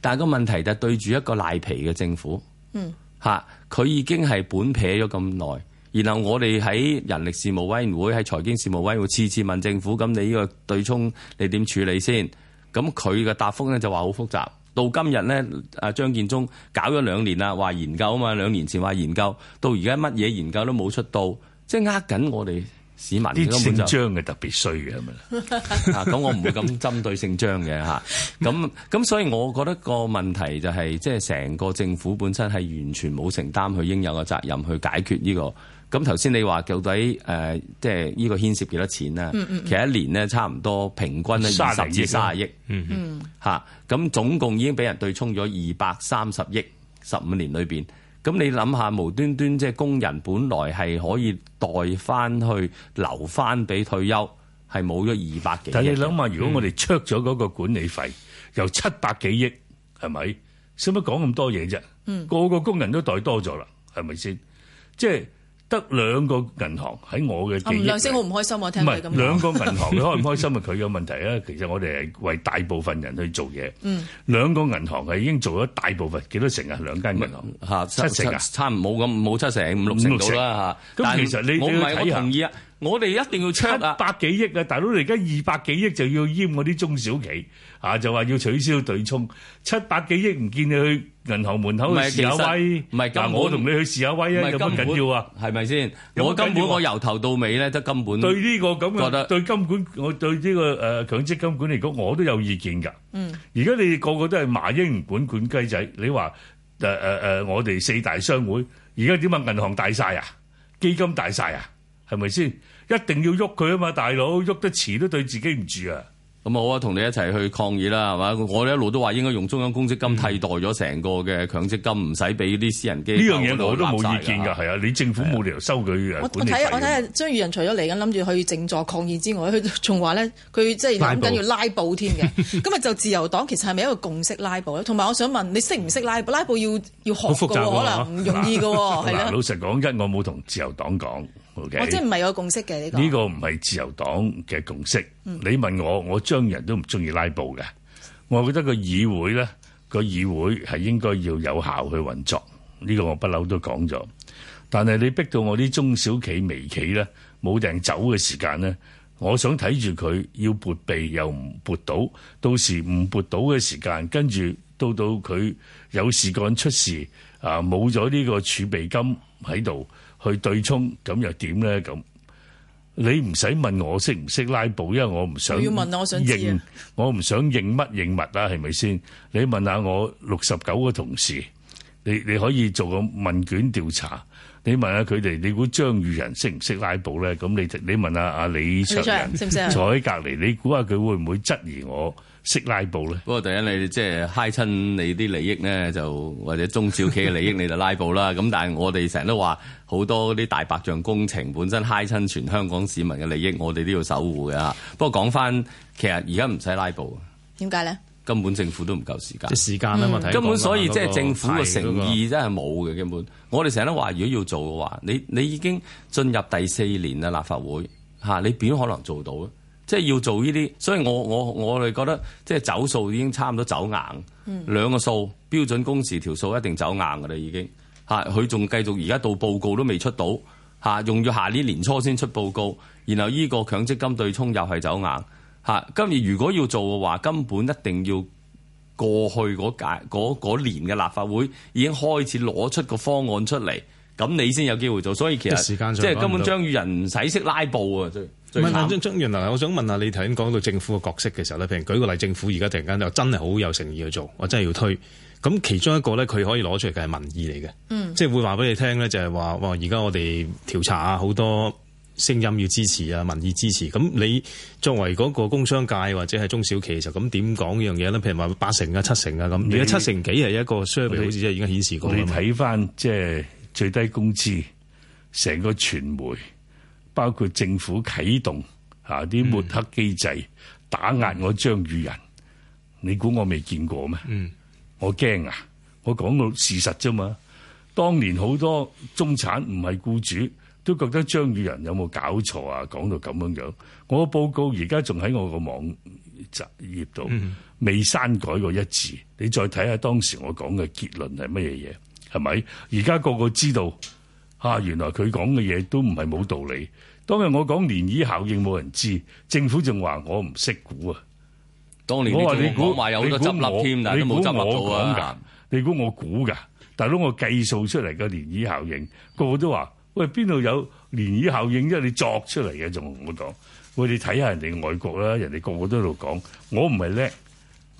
但係個問題就對住一個賴皮嘅政府，嗯吓，佢已經係本撇咗咁耐，然後我哋喺人力事務委員會，喺財經事務委員會次次問政府咁，你呢個對沖你點處理先？咁佢嘅答復咧就話好複雜。到今日咧，阿張建宗搞咗兩年啦，話研究啊嘛，兩年前話研究，到而家乜嘢研究都冇出到，即係呃緊我哋。市民啲姓張嘅特別衰嘅，係咪啦？咁我唔會咁針對姓張嘅嚇。咁咁 所以，我覺得個問題就係、是，即係成個政府本身係完全冇承擔佢應有嘅責任去解決呢、這個。咁頭先你話究竟誒，即係呢個牽涉幾多少錢呢？嗯嗯其實一年呢，差唔多平均咧二十至卅億。嗯嗯。嚇！咁總共已經俾人對沖咗二百三十億，十五年裏邊。咁你諗下，無端端即係工人本來係可以代返去留返俾退休，係冇咗二百幾億。但你諗下，如果我哋出咗嗰個管理費，嗯、由七百幾億，係咪？使乜講咁多嘢啫？嗯、個個工人都代多咗啦，係咪先？即係。得兩個銀行喺我嘅記憶，梁生好唔開心啊！我聽佢咁講，兩個銀行佢開唔開心啊？係佢嘅問題啊！ 其實我哋係為大部分人去做嘢，兩、嗯、個銀行係已經做咗大部分幾多成啊？兩間銀行嚇七成，差唔好咁冇七成五六成到啦嚇。成但其實你唔好唔係，我,看看我同意啊！我哋一定要出一、啊、百幾億啊，大佬你而家二百幾億就要閹我啲中小企。啊！就話要取消對沖，七百幾億唔見你去銀行門口去示下威，嗱我同你去示下威啊，咁緊要啊？係咪先？啊、我根本我由頭到尾咧，都根本對呢個咁樣，對金管我對呢、這個誒強積金管嚟講，我都有意見噶。嗯，而家你哋個個都係麻鷹管管雞仔，你話誒誒誒，我哋四大商會而家點啊？銀行大晒啊，基金大晒啊，係咪先？一定要喐佢啊嘛，大佬喐得遲都對自己唔住啊！咁啊，同你一齊去抗議啦，係嘛？我一路都話應該用中央公積金替代咗成個嘅強積金，唔使俾啲私人機構。呢樣嘢我都冇意見㗎，係啊！你政府冇理由收佢嘅。我睇我睇下張宇人除咗嚟緊諗住去靜坐抗議之外，佢仲話咧，佢即係諗緊要拉布添嘅。咁啊，就自由黨其實係咪一個共識拉布咧？同埋我想問，你識唔識拉布？拉布要要學㗎，可能唔容易㗎喎，係、啊、的老實講，一我冇同自由黨講。我真唔係有共識嘅呢，這個呢個唔係自由黨嘅共識。嗯、你問我，我將人都唔中意拉布嘅。我覺得個議會咧，個議會係應該要有效去運作。呢，這個我不嬲都講咗。但係你逼到我啲中小企微企咧，冇定走嘅時間咧，我想睇住佢要撥備又唔撥到，到時唔撥到嘅時間，跟住到到佢有事干出事啊，冇咗呢個儲備金喺度。去對沖咁又點咧？咁你唔使問我識唔識拉布，因為我唔想要問啊！我想認我唔想認乜認物啦，係咪先？你問下我六十九個同事，你你可以做個問卷調查。你問下佢哋，你估張宇人識唔識拉布咧？咁你你問下阿李卓人坐喺隔籬，你估下佢會唔會質疑我？識拉布咧，不過第一你即係嗨親你啲利益咧，就或者中小企嘅利益你就拉布啦。咁 但係我哋成日都話好多啲大白象工程本身嗨親全香港市民嘅利益，我哋都要守護㗎。不過講翻，其實而家唔使拉布，點解咧？根本政府都唔夠時間，時間啊嘛，嗯、根本所以即係政府嘅誠意真係冇嘅。根本我哋成日都話，如果要做嘅話，你你已經進入第四年啦立法會吓，你點可能做到咧？即係要做呢啲，所以我我我哋覺得即係走數已經差唔多走硬，嗯、兩個數標準工時條數一定走硬噶啦，已經佢仲繼續而家到報告都未出到，用咗下年年初先出報告，然後呢個強積金對沖又係走硬。今年如果要做嘅話，根本一定要過去嗰年嘅立法會已經開始攞出個方案出嚟，咁你先有機會做。所以其實時即係根本張宇人唔使識拉布啊！原來我想問下你頭先講到政府嘅角色嘅時候咧，譬如舉個例，政府而家突然間就真係好有誠意去做，我真係要推。咁其中一個咧，佢可以攞出嚟嘅係民意嚟嘅，嗯，即係會話俾你聽咧，就係話哇，而家我哋調查啊，好多聲音要支持啊，民意支持。咁你作為嗰個工商界或者係中小企嘅時候，咁點講呢樣嘢咧？譬如話八成啊、七成啊咁，而家七成幾係一個 survey 你好似即係已經顯示過。睇翻即係最低工資，成個傳媒。包括政府啟動啊啲抹黑機制打壓我張宇人。嗯、你估我未見過咩？嗯？我驚啊！我講到事實啫嘛。當年好多中產唔係僱主都覺得張宇人有冇搞錯啊？講到咁樣樣，我個報告而家仲喺我個網集頁度，未刪改過一字。你再睇下當時我講嘅結論係乜嘢嘢，係咪？而家個個知道。嚇！原來佢講嘅嘢都唔係冇道理。當日我講漣漪效應冇人知，政府仲話我唔識估啊。當年我話你估話有好多執笠添，但都冇執笠咗你估我講噶？你估我估噶？大佬我計數出嚟個漣漪效應個個都話：喂，邊度有漣漪效應？因為你作出嚟嘅，仲同我講。喂，你睇下人哋外國啦，人哋個個都喺度講。我唔係叻，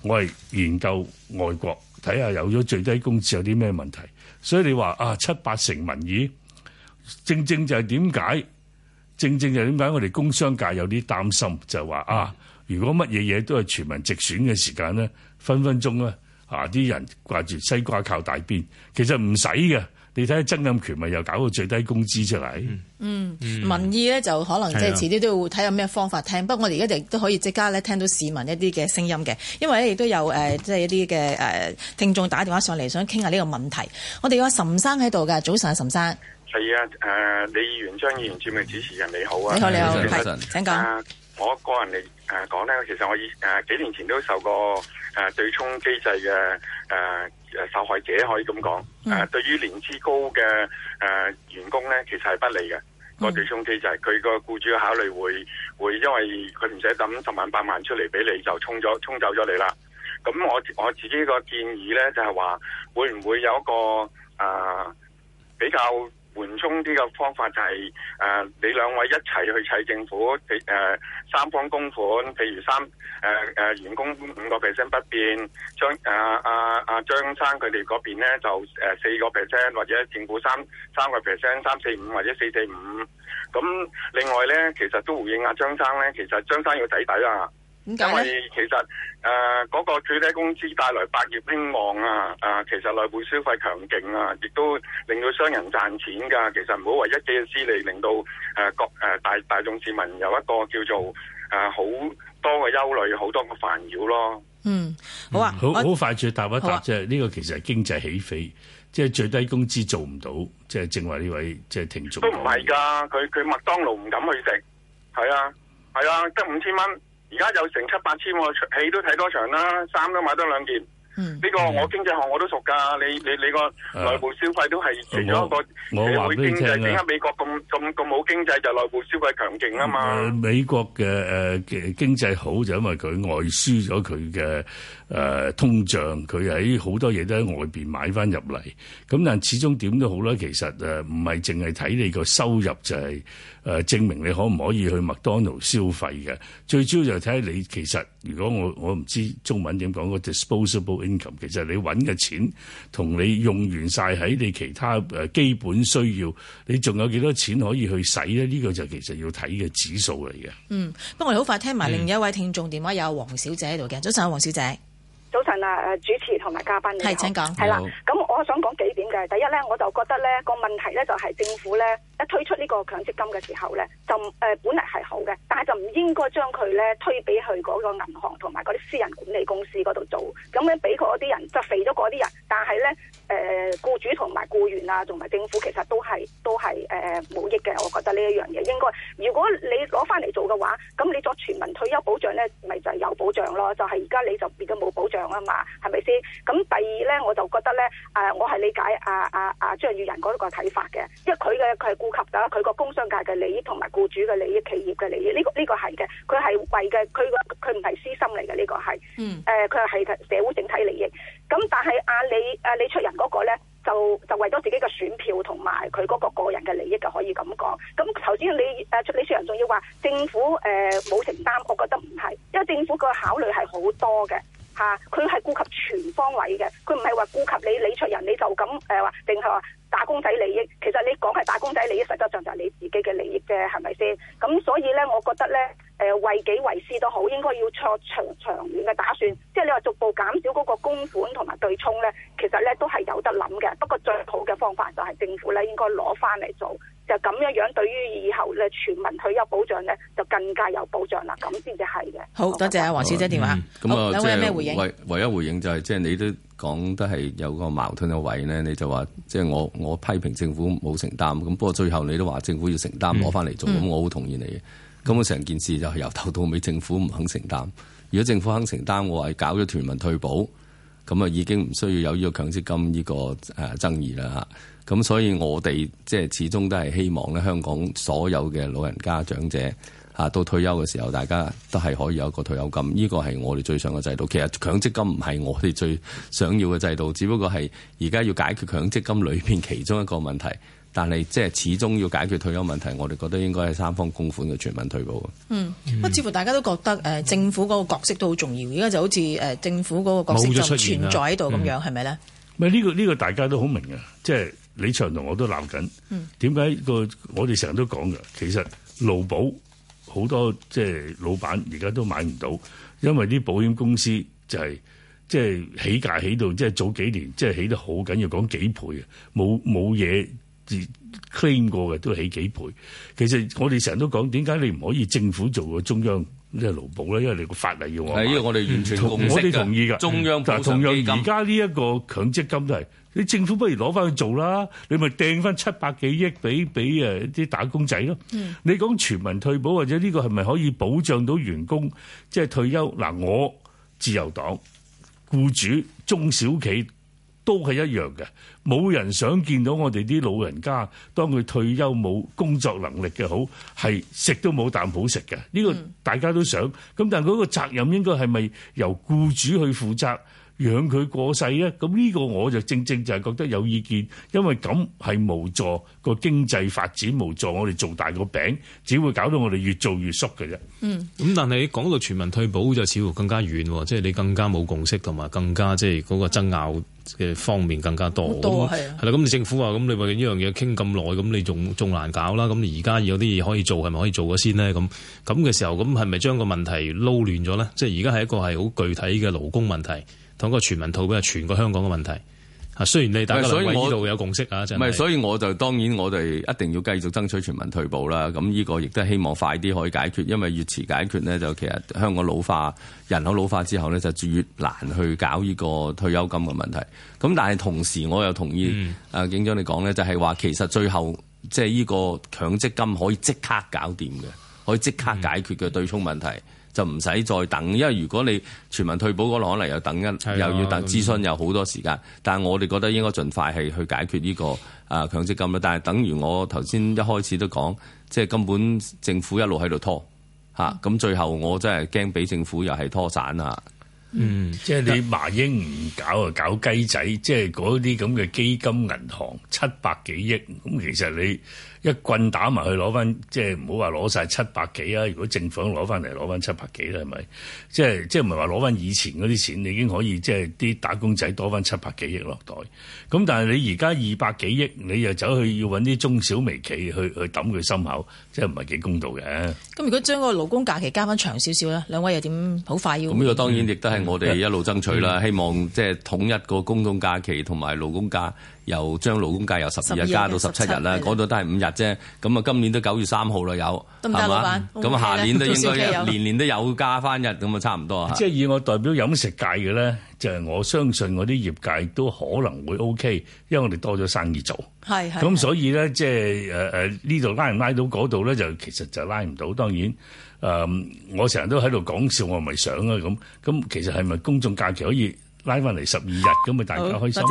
我係研究外國，睇下有咗最低工資有啲咩問題。所以你話啊，七八成民意。正正就係點解？正正就係點解？我哋工商界有啲擔心，就話、是、啊，如果乜嘢嘢都係全民直選嘅時間呢，分分鐘咧啊，啲人掛住西瓜靠大邊。其實唔使嘅，你睇下曾蔭權咪又搞到最低工資出嚟。嗯，嗯，嗯民意咧就可能即係遲啲都會睇下咩方法聽。的不過我哋而家亦都可以即刻咧聽到市民一啲嘅聲音嘅，因爲咧亦都有誒、呃，即係一啲嘅誒聽眾打電話上嚟，想傾下呢個問題。我哋有阿岑生喺度噶，早晨啊，岑生。係啊，誒、呃、李議員、張議員、著名主持人，持人，你好啊！你好、嗯，你好實，請請講。我個人嚟誒講咧，其實我以誒幾年前都受過誒對沖機制嘅誒誒受害者，可以咁講。誒、嗯呃、對於年資高嘅誒、呃、員工咧，其實係不利嘅個對沖機制，佢個僱主嘅考慮會會因為佢唔使等十萬八萬出嚟俾你，就沖咗沖走咗你啦。咁我我自己個建議咧，就係、是、話會唔會有一個誒、呃、比較，緩衝啲嘅方法就係、是、誒你兩位一齊去砌政府，佢誒三方供款，譬如三誒誒員工五個 percent 不變，張啊啊啊張生佢哋嗰邊咧就誒四個 percent 或者政府三三個 percent 三四五或者四四五，咁另外咧其實都回應阿張生咧，其實張生要底底啊。因為，因為其實誒嗰、呃那個最低工資帶來百業興旺啊，啊、呃、其實內部消費強勁啊，亦都令到商人賺錢噶。其實唔好為一己嘅私利，令到誒國誒大大眾市民有一個叫做誒好、呃、多嘅憂慮，好多嘅煩擾咯。嗯，好啊，好好、嗯、快再答一答、啊，即係呢個其實係經濟起飛，即係最低工資做唔到，即係正話呢位即係聽眾。都唔係噶，佢佢麥當勞唔敢去食，係啊係啊，得五千蚊。而家有成七八千，戲都睇多場啦，衫都買多兩件。呢、嗯、個我經濟學我都熟噶，你你你個內部消費都係最多個社會、啊、經濟。點解美國咁咁咁冇經濟就內部消費強勁啊嘛、嗯呃？美國嘅誒、呃、經濟好就因為佢外輸咗佢嘅。誒通脹，佢喺好多嘢都喺外邊買翻入嚟，咁但係始終點都好啦。其實誒唔係淨係睇你個收入就係誒證明你可唔可以去麥當勞消費嘅。最主要就係睇下你其實，如果我我唔知中文點講個 disposable income，其實你揾嘅錢同你用完晒喺你其他誒基本需要，你仲有幾多錢可以去使咧？呢個就其實要睇嘅指數嚟嘅。嗯，不過我哋好快聽埋另一位聽眾電話，嗯、有黃小姐喺度嘅。早晨，黃小姐。早晨啊！誒，主持同埋嘉賓你好，係請講，係啦。咁我想講幾點嘅，第一咧，我就覺得咧個問題咧就係政府咧。推出呢個強積金嘅時候呢，就誒、呃、本嚟係好嘅，但係就唔應該將佢呢推俾去嗰個銀行同埋嗰啲私人管理公司嗰度做，咁樣俾嗰啲人就肥咗嗰啲人，但係呢，誒、呃、僱主同埋僱員啊，同埋政府其實都係都係誒冇益嘅，我覺得呢一樣嘢應該，如果你攞翻嚟做嘅話，咁你作全民退休保障呢咪就係、是、有保障咯，就係而家你就變咗冇保障啊嘛，係咪先？咁第二呢，我就覺得呢，誒、呃、我係理解阿阿阿張宇人嗰個睇法嘅，因為佢嘅佢係及咗佢個工商界嘅利益同埋僱主嘅利益、企業嘅利益，呢、這個呢、這個係嘅，佢係為嘅，佢佢唔係私心嚟嘅，呢、這個係，誒佢係嘅社會整體利益。咁但係阿李阿李卓人嗰個咧，就就為咗自己嘅選票同埋佢嗰個個人嘅利益就可以咁講。咁頭先你誒李卓、啊、人仲要話政府誒冇、呃、承擔，我覺得唔係，因為政府個考慮係好多嘅吓，佢、啊、係顧及全方位嘅，佢唔係話顧及你李卓人你就咁誒話，定係話。打工仔利益，其實你講係打工仔利益，實質上就係你自己嘅利益啫，係咪先？咁所以咧，我覺得咧，誒為己為私都好，應該要作長長遠嘅打算。即係你話逐步減少嗰個供款同埋對沖咧，其實咧都係有得諗嘅。不過最好嘅方法就係政府咧應該攞返嚟做，就咁樣樣對於以後咧全民退休保障咧就更加有保障啦。咁先至係嘅。好多吧謝黃小姐電話。咁啊、嗯，咩好、就係、回應唯唯一回應就係即係你都。講都係有個矛盾嘅位呢，你就話即係我我批評政府冇承擔咁。不過最後你都話政府要承擔攞翻嚟做咁，嗯嗯、我好同意你嘅。咁我成件事就係由頭到尾政府唔肯承擔。如果政府肯承擔，我係搞咗全民退保咁啊，就已經唔需要有呢個強積金呢個誒爭議啦。咁所以我哋即係始終都係希望咧，香港所有嘅老人家長者。嚇到退休嘅時候，大家都係可以有個退休金。呢個係我哋最想嘅制度。其實強積金唔係我哋最想要嘅制度，只不過係而家要解決強積金裏邊其中一個問題。但係即係始終要解決退休問題，我哋覺得應該係三方供款嘅全民退保。嗯，不過似乎大家都覺得誒政府嗰個角色都好重要。而家就好似誒政府嗰個角色就這存在喺度咁樣，係咪咧？咪呢、這個呢、這個大家都好明嘅，即係李卓人同我,我都鬧緊。點解個我哋成日都講嘅，其實勞保。好多即係老闆而家都買唔到，因為啲保險公司就係即係起價起到即係、即係、早幾年即係起得好緊要講幾倍啊！冇冇嘢 claim 過嘅都起幾倍。其實我哋成日都講點解你唔可以政府做個中央即係勞保咧？因為你個法例要我因為我哋完全、嗯、同我哋同意噶中央保障基金、嗯、但同樣而家呢一個強積金都係。你政府不如攞翻去做啦，你咪掟翻七百幾億俾俾誒啲打工仔咯、啊。嗯、你講全民退保或者呢個係咪可以保障到員工即係、即係、退休？嗱、啊，我自由黨僱主中小企都係一樣嘅，冇人想見到我哋啲老人家當佢退休冇工作能力嘅好係食都冇啖好食嘅。呢、呢個大家都想，咁但係嗰個責任應該係咪由僱主去負責？養佢過世咧，咁呢個我就正正就係覺得有意見，因為咁係無助個經濟發展，無助我哋做大個餅，只會搞到我哋越做越縮嘅啫。嗯。咁，嗯，但係你講到全民退保就似乎更加遠，即係你更加冇共識，同埋更加即係嗰個爭拗嘅方面更加多。多係啦，咁你政府話咁你話呢樣嘢傾咁耐，咁你仲仲難搞啦。咁而家有啲嘢可以做，係咪可以做咗先呢？咁咁嘅時候，咁係咪將個問題撈亂咗咧？即係而家係一個係好具體嘅勞工問題。講個全民退保係全個香港嘅問題。啊，雖然你大家兩位度有共識啊，就唔係，所以我就當然我哋一定要繼續爭取全民退保啦。咁呢個亦都希望快啲可以解決，因為越遲解決咧，就其實香港老化、人口老化之後咧，就越難去搞呢個退休金嘅問題。咁但係同時，我又同意、嗯、啊景祥你講咧，就係、是、話其實最後即係呢個強積金可以即刻搞掂嘅，可以即刻解決嘅對沖問題。嗯嗯就唔使再等，因為如果你全民退保嗰度，可能又等一、啊、又要等諮詢，又好多時間。但係我哋覺得應該盡快係去解決呢個啊強積金啦。但係等於我頭先一開始都講，即係根本政府一路喺度拖吓咁、嗯、最後我真係驚俾政府又係拖散啦。嗯，即係你麻英唔搞啊，搞雞仔，即係嗰啲咁嘅基金銀行七百幾億，咁其實你。一棍打埋去攞翻，即係唔好話攞晒七百幾啊！如果政府攞翻嚟，攞翻七百幾啦，係咪？即係即係唔係話攞翻以前嗰啲錢，你已經可以即係啲打工仔多翻七百幾億落袋。咁但係你而家二百幾億，你又走去要搵啲中小微企去去揼佢心口，即係唔係幾公道嘅？咁如果將個勞工假期加翻長少少啦，兩位又點？好快要？咁呢個當然亦都係我哋一路爭取啦，嗯嗯、希望即係統一一個公共假期同埋勞工假。又將勞工假由十二日加到十七日啦，嗰度的都係五日啫。咁啊，今年都九月三號啦，有係咪？咁下年都應該都年年都有加翻日咁啊，差唔多啊。即係以我代表飲食界嘅咧，就係、是、我相信我啲業界都可能會 O、OK, K，因為我哋多咗生意做。咁是所以咧，即係呢度拉唔拉到嗰度咧，就其實就拉唔到。當然、呃、我成日都喺度講笑，我咪想啊咁。咁其實係咪公眾假期可以拉翻嚟十二日咁啊？大家開心。